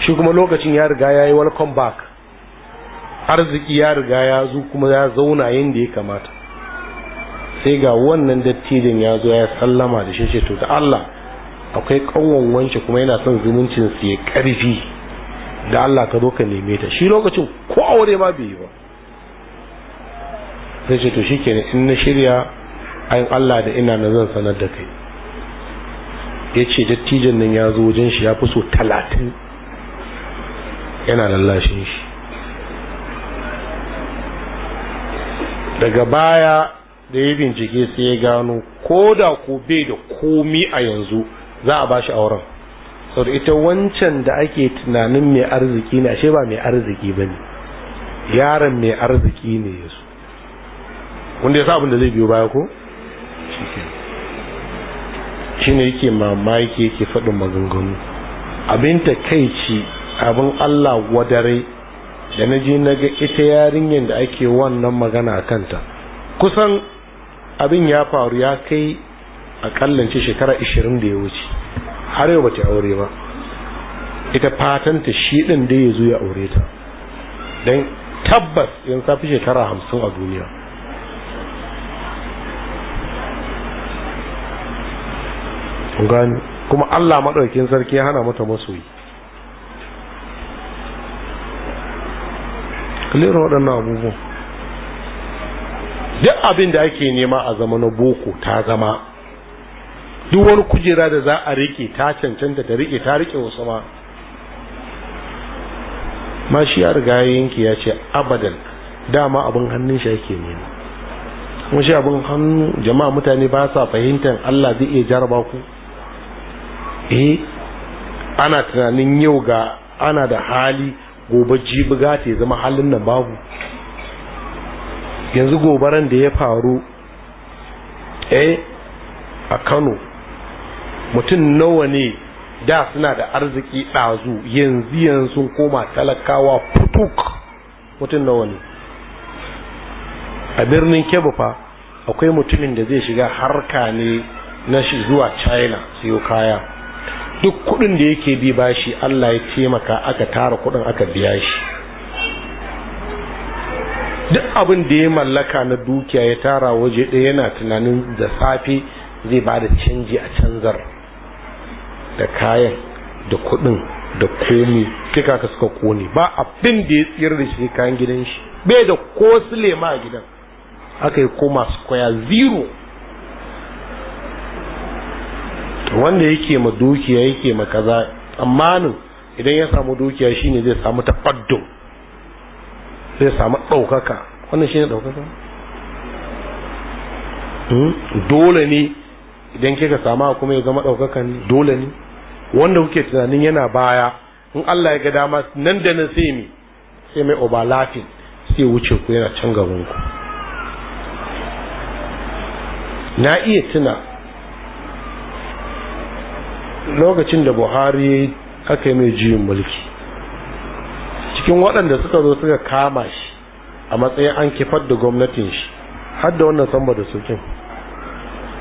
shi kuma lokacin ya riga ya yi welcome back arziki ya riga ya zo kuma ya zauna yadda ya kamata sai ga wannan dattijin ya zo ya sallama da shi to da Allah akwai kawon wance kuma yana son zumuncin su ya karfi da Allah ka zo ka neme ta shi lokacin ko aure ma bai yi ba sai ce to ne in na shirya ayin Allah da ina na zan sanar da kai ya ce dattijan nan ya zo wajen shi ya fi so talatin yana lallashin shi daga baya da ya bincike sai ya gano ko da ko bai da komi a yanzu za a bashi auren da ita wancan da ake tunanin mai arziki ne ashe ba mai arziki ba ne yaron mai arziki ne ya wanda ya sa abin da zai biyo baya ko shi ne yake mamaki yake faɗin maganganu abin ta kai ci abin allah wadare da na je na ga ita yarinyar da ake wannan magana a kanta kusan abin ya faru ya kai kallance shekara ishirin da ya wuce har yau bata aure ba ita fatanta shi ɗin da ya zo ya aure ta don tabbas yan safi shekara hamsin a duniya gani kuma Allah maɗaukin sarki ya hana mata masoyi kalero waɗannan abubuwan duk abin da ake nema a zama na boko ta zama duk wani kujera da za a rike ta cancanta ta rike ta rike wasu ma ma shi ya riga yanki ya ce abadan dama abin hannun shi yake nema kuma shi abin hannu jama'a mutane ba sa fahimtar Allah zai iya jarabaku eh ana tunanin yau ga ana da hali gobe jibi gata ya zama halin nan babu yanzu gobaran da ya faru eh a kano mutum nawa ne da suna da arziki ɗazu yanzu yanzu koma talakawa putuk mutum nawa ne a birnin kebbi fa akwai mutumin da zai shiga harka ne na shi zuwa china siyo kaya duk kudin da yake bi bashi Allah ya taimaka aka tara kudin aka biya shi duk abin da ya mallaka na dukiya ya tara waje ɗaya yana tunanin da safe zai ba da canji a canzar da kayan da kudin da komi kika ka suka kone ba abin da ya tsira da shi kayan gidan shi bai da ko lema a gidan aka yi koma square zero wanda yake ma dukiya yake ma kaza tsammanin idan ya samu dukiya shine zai samu tafaddum zai samu ɗaukaka wannan shine ɗaukaka hmm? dole ne idan kika sama kuma ya zama ɗaukakan dole ne wanda kuke tunanin yana baya in Allah ya ga dama nan da nan sai mi sai mai obalafin sai wuce ku yana can gaban ku na iya tuna lokacin da buhari aka yi mai juyin mulki cikin waɗanda suka zo suka kama shi a matsayin an kifar da gwamnatin shi har wannan samba da sukin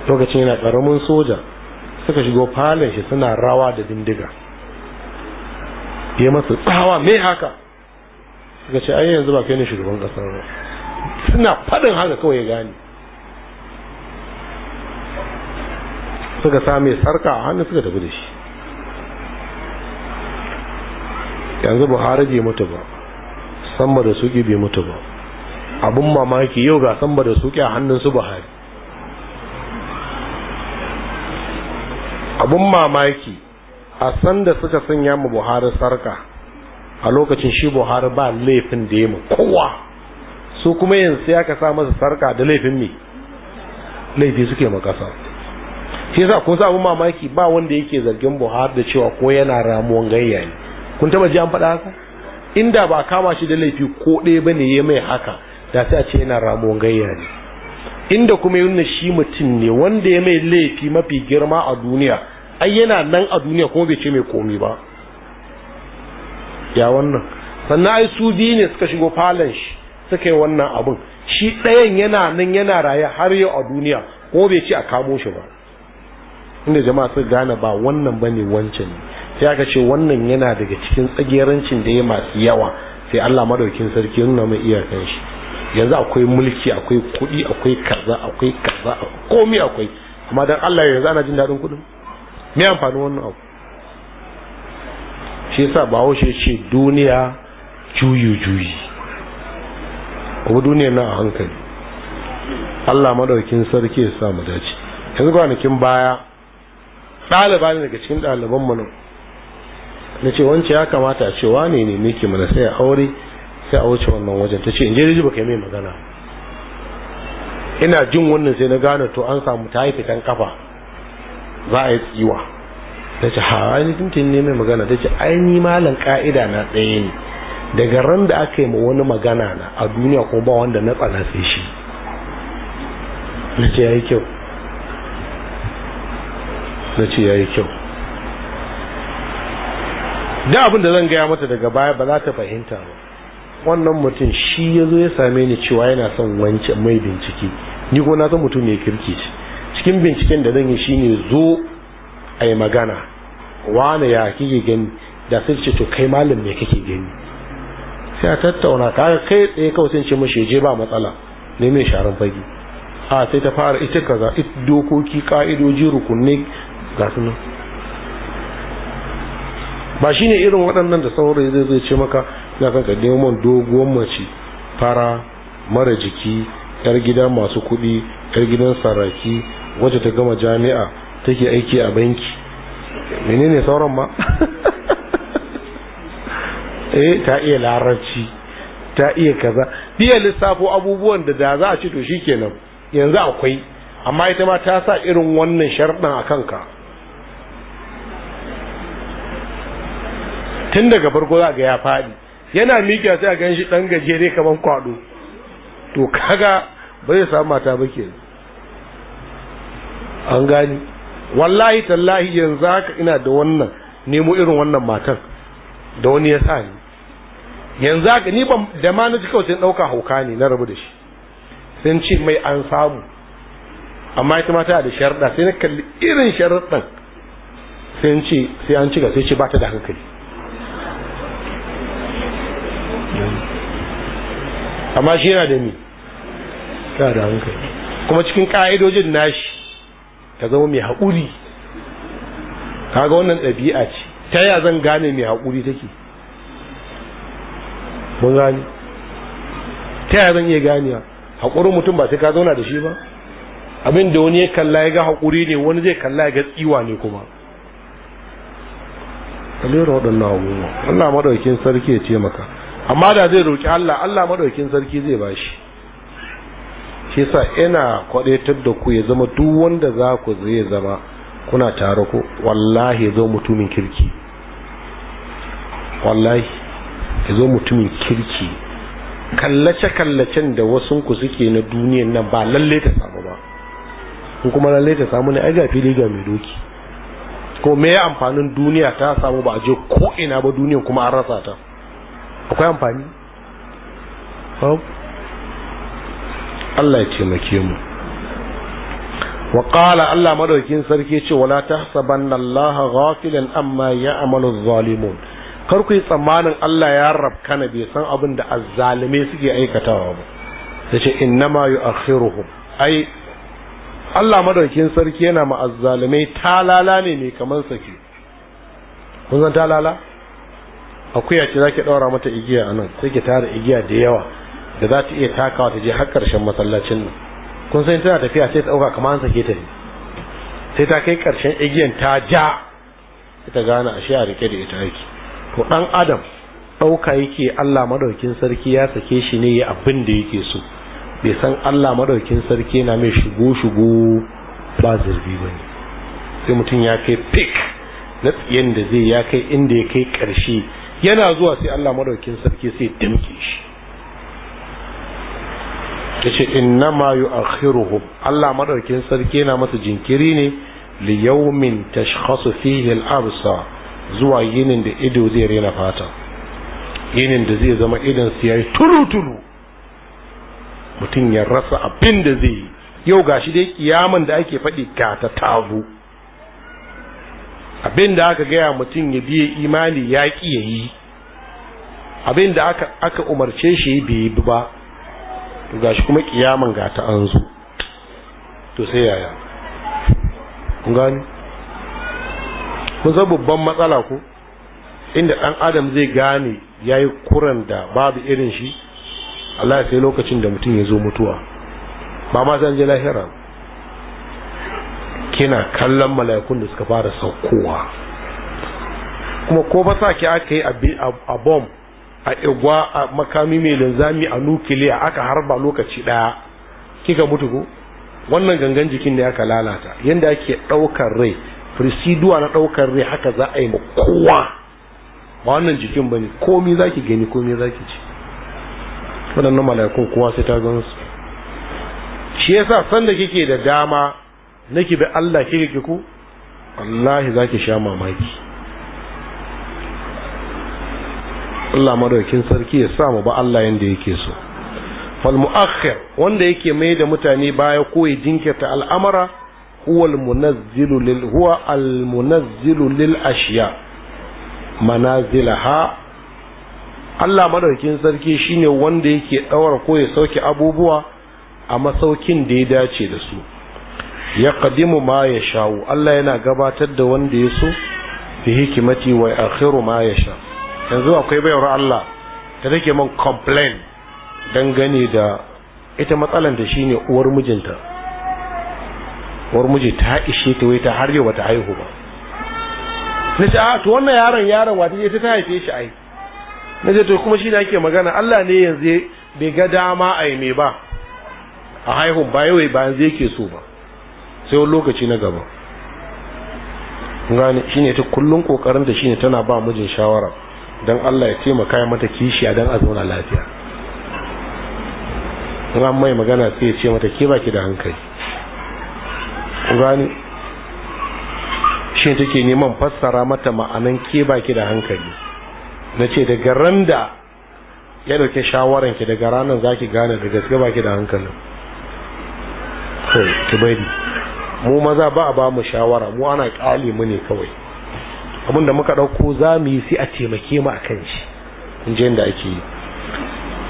lokacin yana ƙaramin soja suka shigo falon shi suna rawa da bindiga ya masu tsawa mai haka suka ce ai yanzu ba kai ne shugaban ƙasar ba suna faɗin haka kawai ya gane suka same sarka a hannu suka tafi da shi yanzu buhari bai mutu ba samba da suki bai mutu ba abun mamaki yau ga samba da suki a hannun su buhari abun mamaki a sanda suka sanya mu buhari sarka a lokacin shi buhari ba laifin da ya mu kowa su kuma yanzu ya ka sa masa sarka da laifin mai laifi suke makasa shi yasa kun abun mamaki ba wanda yake zargin Buhari da cewa ko yana ramuwan gayya ne kun taba ji an faɗa haka inda ba kama shi da laifi ko ɗaya bane ya mai haka da sai a ce yana ramuwan gayya ne inda kuma yunna shi mutum ne wanda ya mai laifi mafi girma a duniya ai yana nan a duniya kuma bai ce mai komi ba ya wannan sannan ai su biyu ne suka shigo falon shi suka yi wannan abin shi ɗayan yana nan yana raye har yau a duniya ko bai ce a kamo shi ba inda jama'a suka gane ba wannan bane wancan sai aka ce wannan yana daga cikin tsagerancin da ya masu yawa sai Allah madaukin sarki nuna mai iyakan shi yanzu akwai mulki akwai kuɗi akwai kaza akwai kaza komai akwai amma dan Allah yanzu ana jin daɗin kuɗin me amfani wannan abu shi yasa ba ya ce duniya juyu juyi ko duniya na hankali Allah madaukin sarki ya sa mu dace yanzu kwanakin baya ɗaliba ne daga cikin ɗaliban mu nan na ce wance ya kamata a ce wane ne ne ke mana sai a aure sai a wuce wannan wajen ta ce in je ji baka mai magana ina jin wannan sai na gane to an samu ta haifi kan kafa za a yi tsiwa ta ce ha ni tuntun ne mai magana ta ce ai ni malam ka'ida na tsaye ne daga ran da aka yi ma wani magana na a duniya ko ba wanda na tsana sai shi na ce ya yi kyau na ce ya yi kyau da abin da zan gaya mata daga baya ba za ta fahimta ba wannan mutum shi ya zo ya same ni cewa yana son wancan mai bincike ni ko na san mutum ya kirki cikin binciken da zan yi shi ne zo a yi magana wane ya kike gani da sai ce to kai malam ne kake gani sai a tattauna kaga kai tsaye kawai sun ce mashi je ba matsala ne mai sharan fage a sai ta fara ita kaza dokoki ka'idoji rukunai ga su nan ba irin waɗannan da saurayi zai zai ce maka kan ka nemo doguwar mace fara mara jiki yar gida masu kuɗi yar gidan saraki wacce ta gama jami'a take aiki a banki menene sauran ma eh ta iya larabci ta iya kaza biya lissafo abubuwan da da za a ci to shikenan yanzu akwai amma ita ma ta sa irin wannan sharɗin a kanka tun daga farko za ga ya faɗi yana miƙa sai a gan shi ɗan gajere kamar kwaɗo to kaga ba zai samu mata ba ke an gani wallahi tallahi yanzu haka ina da wannan nemo irin wannan matan da wani ya sa ni yanzu haka ni ban da ma na ji kawai ɗauka hauka ne na rabu da shi sai ce mai an samu amma ita mata da sharaɗa sai na kalli irin sharaɗan sai an ce sai an ci sai ce ba ta da hankali amma shi yana da ni yana da hankali kuma cikin ka'idojin nashi ka zama mai haƙuri kaga wannan ɗabi'a ce ta yaya zan gane mai haƙuri take mun gane ta yaya zan iya ganewa haƙurin mutum ba sai ka zauna da shi ba abin da wani ya kalla ya ga haƙuri ne wani zai kalla ya ga tsiwa ne kuma kalera waɗannan abubuwa Allah maɗaukin sarki ya ce maka amma da zai roƙi Allah Allah madaukin sarki zai bashi shi sa ina kwadaitar da ku ya zama duk wanda za ku zai zama kuna tare ku wallahi zo mutumin kirki wallahi ya zo mutumin kirki kallace-kallacen da ku suke na duniyan nan ba lalle ta samu ba in kuma lalle ta samu ne ai ga fili ga mai doki ko me amfanin duniya ta samu ba a je ko ina ba duniyan kuma an rasa ta akwai amfani Allah ya maki mu wa ƙala Allah madaukin sarki ce wala nan Allah gafilin amma ya ya'malu zalimun kar kuyi yi tsammanin Allah ya kana bai san abin da azzalume suke aikatawa ba yace innama akhiruhu ai Allah madaukin sarki yana ma azzalume talala ne mai kamar sake kun san talala akuya ce zaki daura mata igiya anan sai ki tara igiya da yawa da za ta iya takawa ta je har karshen masallacin nan kun san tana tafiya sai ta dauka kamar an sake ta ne sai ta kai karshen igiyan ta ja ta gane ashe a rike da ita aiki to dan adam dauka yake Allah madaukin sarki ya sake shi ne ya abin da yake so bai san Allah madaukin sarki na mai shigo shigo ba zurbi bane sai mutum ya kai pick na tsiyen da zai ya kai inda ya kai karshe yana zuwa sai Allah madaukin sarki sai dimke shi yace ma yu'akhiruhu Allah madaukin sarki yana masa jinkiri ne li yawmin tashkhasu fihi al-absar zuwa yinin da ido zai rena fata yinin da zai zama idan su yayi turutulu mutum ya rasa abin da zai yi yau gashi dai kiyaman da ake faɗi ga ta tabu. abin da aka gaya mutum ya biye imani ya ƙi ya yi abin da aka, umarce shi bai biye ba to gashi kuma kiyaman ga ta an zo to sai yaya kun gani kun san babban matsala ko inda ɗan adam zai gane ya yi kuran da babu irin shi Allah sai lokacin da mutum ya zo mutuwa ba ma san je lahira kina kallon mala'ikun da suka fara saukowa kuma ko ba sa ki aka yi a bom a igwa a makami mai linzami a nukiliya aka harba lokaci daya kika mutu ko wannan gangan jikin ne aka lalata yadda ake ɗaukar rai firisiduwa na ɗaukar rai haka za a yi ma kowa ba wannan jikin ba ne komi za ki gani komi za ki ci waɗannan mala'ikun kowa sai ta gan su shi yasa sanda kike da dama nake bi Allah ke ki ku wallahi zaki sha mamaki Allah madaukin sarki ya sa mu ba Allah yanda yake so fal muakhir wanda yake mai da mutane baya ko ya jinkirta al'amara huwa al munazzilu lil huwa al munazzilu lil ashiya manazilaha Allah madaukin sarki shine wanda yake daura ko ya sauke abubuwa a masaukin da ya dace da su ya kadimu ma ya shawo Allah yana gabatar da wanda ya so fi hikimati wa akhiru ma ya sha yanzu akwai bayar Allah ta take man complain dangane da ita matsalan da shine uwar mijinta uwar miji ta ishe ta wai har yau bata haihu ba nace a to wannan yaron yaron wata ita ta haife shi ai nace to kuma shine ake magana Allah ne yanzu bai ga dama ai me ba a haihun ba yawai bayan zai ke so ba sai wani lokaci na gaba shi shine ta kullum kokarin shi ne tana ba mijin shawara don Allah ya taimaka ya mata kishiya don a zauna lafiya ran mai magana sai ya ce mata ke baki da hankali gani shi take neman fassara mata ma'anan ke baki da hankali na ce daga ran da ya dauke shawaran ki daga ranar za ki gane da gaske baki da hankalin to ki bari mu maza ba a ba mu shawara mu ana ƙale mu ne kawai abin da muka ɗauko za mu yi sai a taimake mu a kan shi kun je da ake yi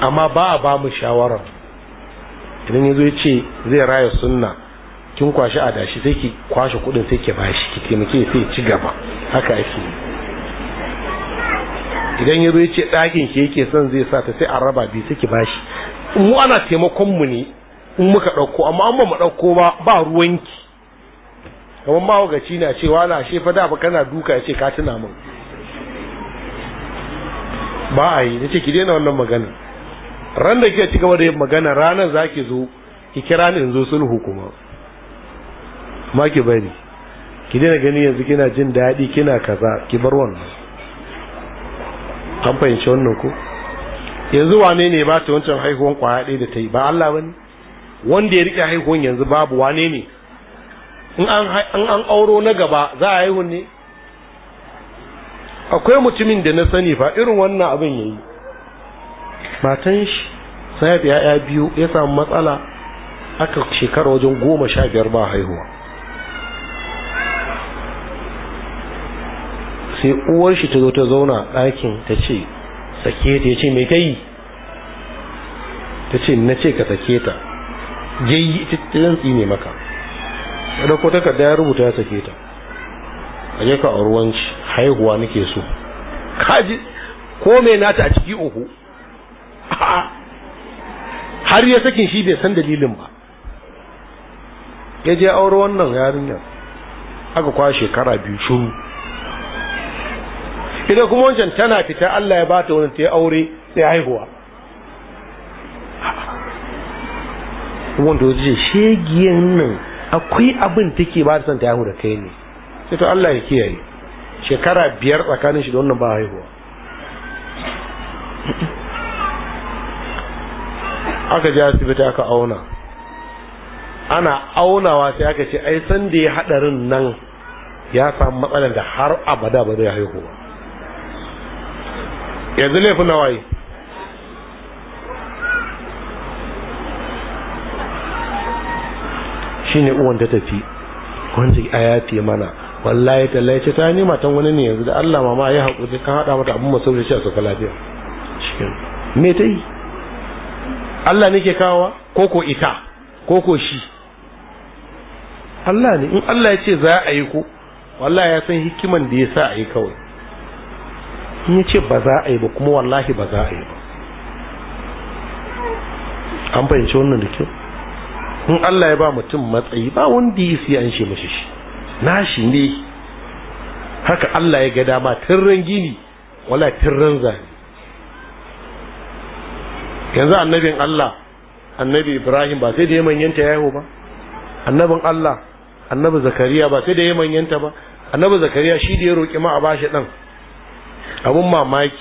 amma ba a ba mu shawara idan ya zo ya ce zai raya sunna kin kwashi adashi sai ki kwashe kudin sai ki bashi ki taimake sai ci gaba haka ake yi idan ya zo ya ce ɗakin ki yake son zai sa ta sai a raba biyu ki bashi mu ana taimakon mu ne in muka ɗauko amma an ba mu ɗauko ba ba ruwanki kamar mahaukaci na cewa na shi fa da ba kana duka ya ce ka tuna min ba a yi nace ki daina wannan magana ran da kika ci gaba da yin magana ranar za ki zo ki kira ni in zo sulhu kuma ma ki bari ki daina gani yanzu kina jin daɗi kina kaza ki bar wannan an fahimci wannan ko yanzu wane ne ba ta wancan haihuwan kwaya ɗaya da ta yi ba Allah ba ne wanda ya riƙe haihuwan yanzu babu wane ne in an auro na gaba za a yi ne akwai mutumin da na sani fa irin wannan abin yayi matan shi sai ya yaya biyu ya samu matsala aka shekara wajen goma sha biyar ba haihuwa sai uwar shi ta zo ta zauna ɗakin ta ce sake ta ya ce mai kai ta ce na ce ka sake ta jayi ta tsine maka da dauko takarda ya rubuta ya sake ta a je ka ruwanci haihuwa nake so kaji ko mai nata a ciki uku har ya sakin shi bai san dalilin ba ya je aure wannan yarinyar aka kwa shekara biyu shuru idan kuma wancan tana fita Allah ya bata wani ta aure sai haihuwa wanda wajen ce shegiyan nan akwai abin take ba da son ta yahu da kai ne sai to Allah ya kiyaye shekara biyar tsakanin shi da wannan ba haihuwa aka je asibiti aka auna ana aunawa sai aka ce ai san da ya hadarin nan ya samu matsalar da har abada ba zai haihuwa yanzu laifin yi shine uwan ta tafi wanda a fi mana wallahi tallahi ce ta ni matan wani ne yanzu da Allah mama ya haƙuri ka haɗa mata abin masu shi a sauka lafiya me ta yi Allah ne ke kawowa ko ko ita ko ko shi Allah ne in Allah ya ce za a yi ko wallahi ya san hikiman da ya sa a yi kawai in ya ce ba za a yi ba kuma wallahi ba za a yi ba an fahimci wannan da kyau in Allah ya ba mutum matsayi ba wanda ya siya an shi mashi shi na shi ne haka Allah ya ga dama tirren gini wala tirren zane yanzu annabin Allah annabi Ibrahim ba sai da ya manyanta yayo ba annabin Allah annabi Zakariya ba sai da ya manyanta ba annabi Zakariya shi da ya roƙi ma a bashi dan abun mamaki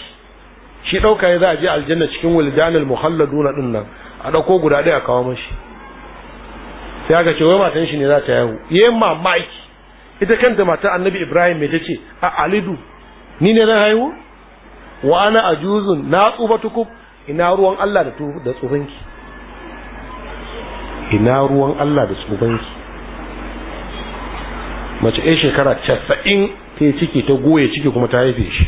shi ɗauka ya za a je aljanna cikin wildanul muhalladuna ɗin nan a ɗauko guda ɗaya a kawo mashi sai aka ce wai matan shi ne za ta yahu ye mamaki ita kanta matan annabi ibrahim mai ta ce a alidu ni ne zan haihu wa ana juzun. na tsufa tukub ina ruwan Allah da tsubanki? tsufanki ina ruwan Allah da tsufanki mace ɗaya shekara casa'in ta yi ciki ta goye ciki kuma ta haife shi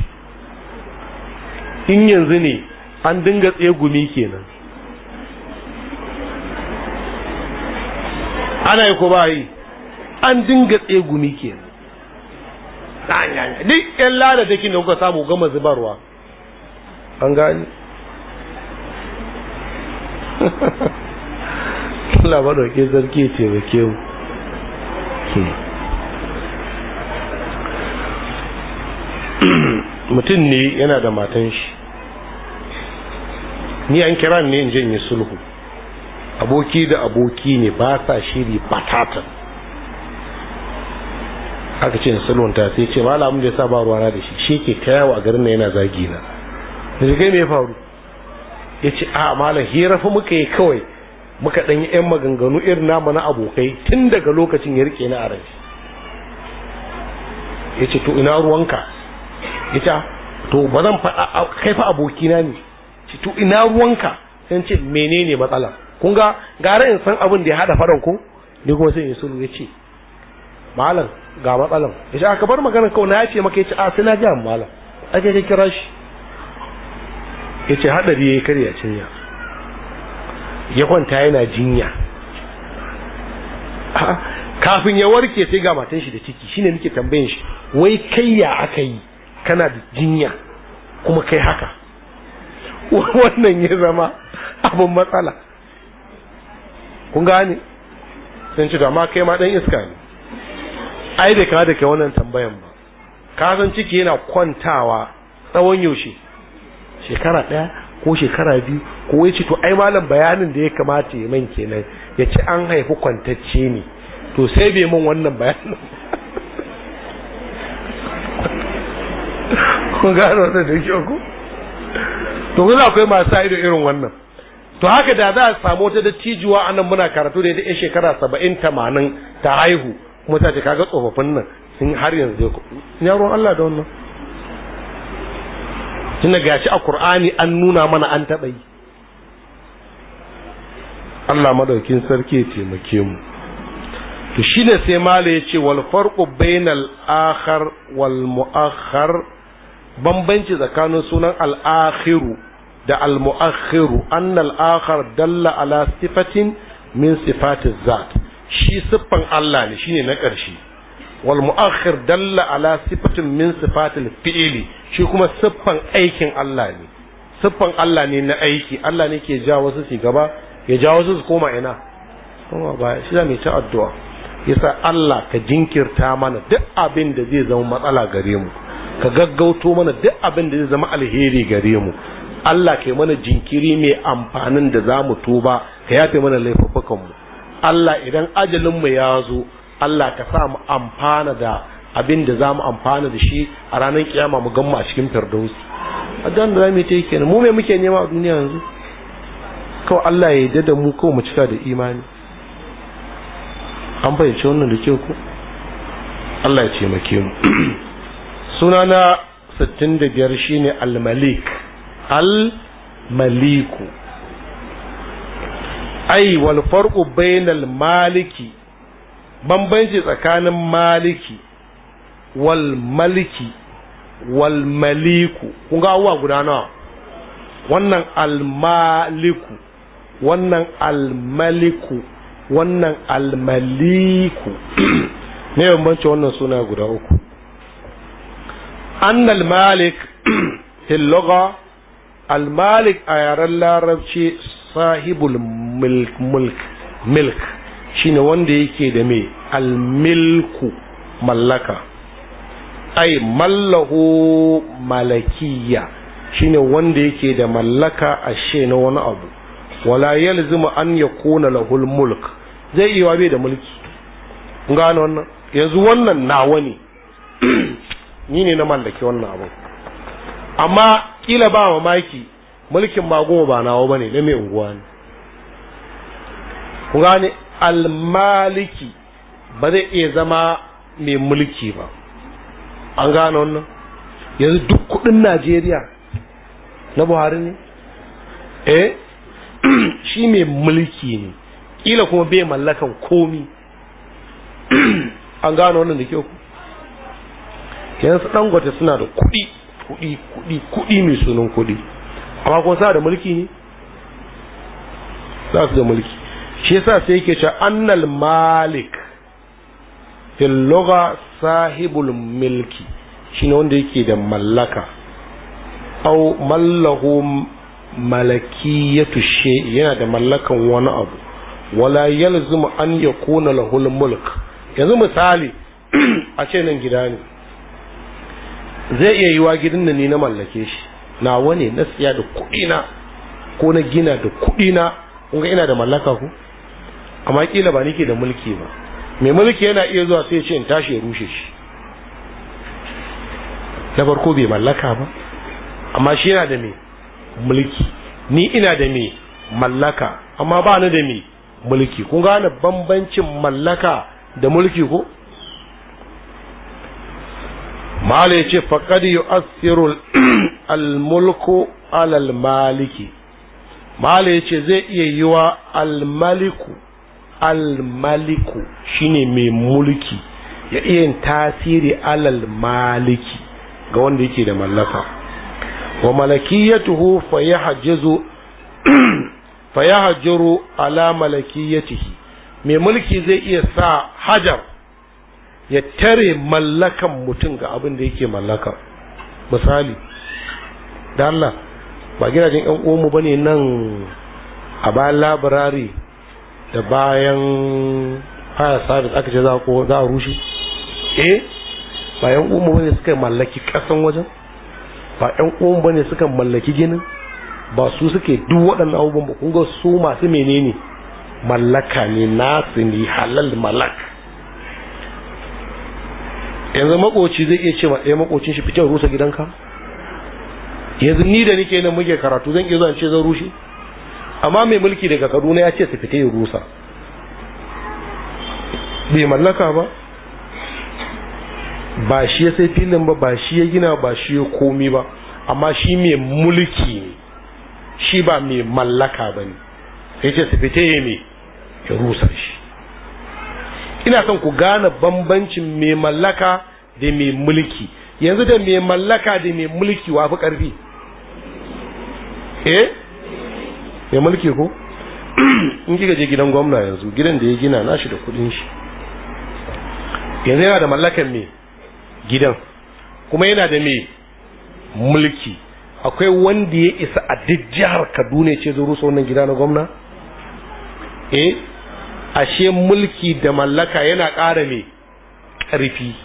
in yanzu ne an dinga tsaye gumi kenan ana yi ko ba yi an dinga tsegumi ke duk yan lada take da kuka samu gama zubarwa an gani Allah da ke zarki ce da ke mutum ne yana da matan shi ni an kira ne in je in yi sulhu aboki da aboki ne ba sa shiri batatan aka ce salonta sai ce malamin da ya sa ba ruwana da shi shi ke ta yawo a garin na yana zagi na da shi kai mai faru ya ce a malam hira fa muka yi kawai muka ɗanyi 'yan maganganu irin namu na abokai tun daga lokacin ya rike na a rai ya ce to ina ruwanka ya ce to ba zan faɗa kai fa abokina ne ce to ina ruwanka sai ce menene matsalar kun ga gara in san abin da ya hada faran ko ni kuma sai in ya ce malam ga matsalan ya ce aka bar magana kawai na ya ce maka ya ce a sai na ji malam ake ka kira shi ya ce haɗari ya yi karya cinya ya kwanta yana jinya kafin ya warke sai ga matan shi da ciki shine nake tambayin shi wai kai ya aka yi kana da jinya kuma kai haka wannan ya zama abin matsala kun gane sun ci amma kai ma dan iska ne ai bai da ke wannan tambayan ba ka san ciki yana kwantawa tsawon yaushe shekara ɗaya ko shekara biyu ko ya ce to ai malam bayanin da ya kamata ya man kenan ya ci an haifi kwantacce ne to sai bai min wannan bayanin kun gano da ke ku to kuna akwai masu ido irin wannan to haka da za a samu wata dattijuwa a nan muna karatu da ita shekara saba'in tamanin ta haihu kuma ta ce kaga tsofaffin nan sun har yanzu ku yaron Allah da wannan tunda gashi a Qur'ani an nuna mana an taɓa yi Allah madaukin sarki ya taimake mu to shine sai mala ce wal farqu bainal akhar wal muakhar bambanci tsakanin sunan al akhiru da al-mu'akhiru annal akhar dalla ala sifatin min sifati zat shi siffan Allah ne shine na ƙarshe wal mu'akhir dalla ala sifatin min al fi'li shi kuma siffan aikin Allah ne siffan Allah ne na aiki Allah ne ke ja wasu su gaba ya ja wasu su koma ina kuma ba shi da mai ta addu'a yasa Allah ka jinkirta mana duk abin da zai zama matsala gare mu ka gaggauto mana duk abin da zai zama alheri gare mu Allah kai mana jinkiri mai amfanin da za mu tuba ka yafe mana laifukanmu. Allah idan ajalinmu ya zo Allah ka sa mu amfana da abin da za mu amfana da shi a ranar kiyama mu gamma a cikin firdausi A da za mu yi ta yi kenan mu me muke nema a duniya yanzu kawai Allah ya yarda da mu kawai mu cika da imani an fahimci wannan da ke ku. Allah ya taimake mu sunana 65 shine al-malik al-maliku ai wal farqu bainal maliki bambanci tsakanin maliki wal maliki wal maliku kun ga abubuwa guda nawa wannan almaliku wannan almaliku wannan almaliku ne bambanci wannan suna guda uku annal malik fil lugha almalik a yaren larabci sahibul milk milk milk shine wanda yake da mai almilku mallaka ai mallahu malakiyya shine wanda yake da mallaka ashe na wani abu wala yalzimu an yakuna lahul mulk zai iya bai da mulki gano wannan yanzu wannan nawa ne ni ne na mallaki wannan abu amma kila ba wa maki mulkin goma ba nawa bane na mai unguwa ne ku gane almaliki ba zai iya zama mai mulki ba an gane wannan yanzu duk kudin najeriya na buhari ne eh shi mai mulki ne kila kuma bai mallakan komi an gane wannan da kyau yanzu dangote suna da kuɗi kuɗi kuɗi kuɗi mai sunan kuɗi amma kuma sa da mulki ne za su da mulki shi yasa sai yake cewa annal malik fil lugha sahibul milki shine wanda yake da mallaka au mallahu malakiyatu shay yana da mallakan wani abu wala yalzimu an yakuna lahul mulk yanzu misali a ce nan gida ne zai iya yiwa gidan da ni na mallake shi nawa ne na siya da kuɗi na ko na gina da kuɗi na ina da mallaka ku amma kila ba ke da mulki ba mai mulki yana iya zuwa sai ce in tashi ya rushe shi na farko bai mallaka ba amma shi yana da me mulki ni ina da me mallaka amma ba ni da mai mulki kun gane bambancin mallaka da mulki ko mali ya ce faƙad yu'assiru al-mulku al maliki mali ya ce zai iya yiwa al-maliku al-maliku shine mai mulki ya iya yin tasiri alal maliki ga wanda yake da mallaka wa malaki fa yahjuzu fa malaki ala tihi mai mulki zai iya sa hajar ya tare mallakan mutum ga abin da yake mallaka misali da Allah ba gidajen yan uwanmu ba ne nan a bayan labarari da bayan fire service aka ce za a rushe eh ba yan uwanmu ba ne suka mallaki kasan wajen ba yan uwanmu ba ne suka mallaki ginin ba su suke duk waɗannan abubuwan ba kun ga su masu menene mallaka ne su ne halal malak yanzu makoci zai iya cewa eh, makocin shi fitar rusa gidanka yanzu ni da nike nan muke karatu zan iya zuwa ce zan rushe amma mai mulki daga kaduna ya ce su fita rusa bai mallaka ba ba shi ya sai filin ba ba shi ya gina ba shi ya komi ba amma shi mai mulki shi ba mai mallaka ba ne sai ce su fita ya mai rusa shi ina son ku gane bambancin mai mallaka da mai mulki yanzu da mai mallaka da mai mulki wa fi ƙarfi eh mai mulki ko in kika je gidan gwamna yanzu gidan da ya gina nashi da kudin shi yanzu yana da mallakan me gidan kuma yana da me mulki akwai wanda ya isa a duk jihar kaduna ce zuru rusa wannan gida na gwamna eh ashe mulki da mallaka yana ƙara mai ƙarfi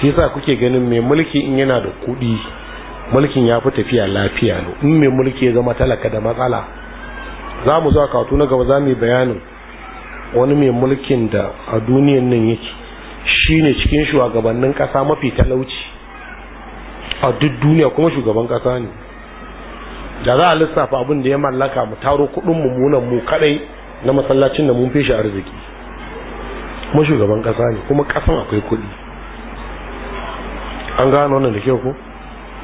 shi sa kuke ganin mai mulki in yana da kuɗi mulkin ya fi tafiya lafiya ne in mai mulki ya zama talaka da matsala za mu zuwa katu na gaba za mu yi bayanin wani mai mulkin da a duniyan nan yake shine cikin shugabannin ƙasa mafi talauci a duk duniya kuma shugaban ƙasa ne da za a lissafa abin da ya mallaka mu taro kuɗin mummunan mu kaɗai na masallacin da mun fi shi arziki kuma shugaban kasa ne kuma kasan akwai kuɗi an gano wannan da kyau ko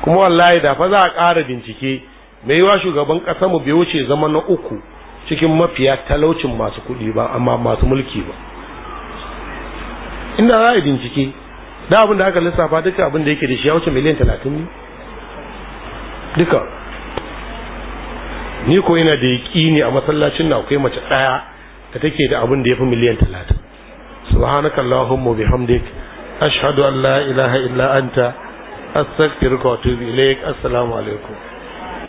kuma wallahi da fa za a ƙara bincike mai yiwa shugaban kasa mu bai wuce zama na uku cikin mafiya talaucin masu kuɗi ba amma masu mulki ba inda za a bincike da abin da aka lissafa duka abin da yake da shi ya wuce miliyan talatin ne duka ni ko yana da yaƙini a masallacin na akwai mace ɗaya da take da abin da ya fi miliyan talatin subhanakallahu allahumma bihamdik ashhadu an la ilaha illa anta astaghfiruka wa atubu ilaik assalamu alaikum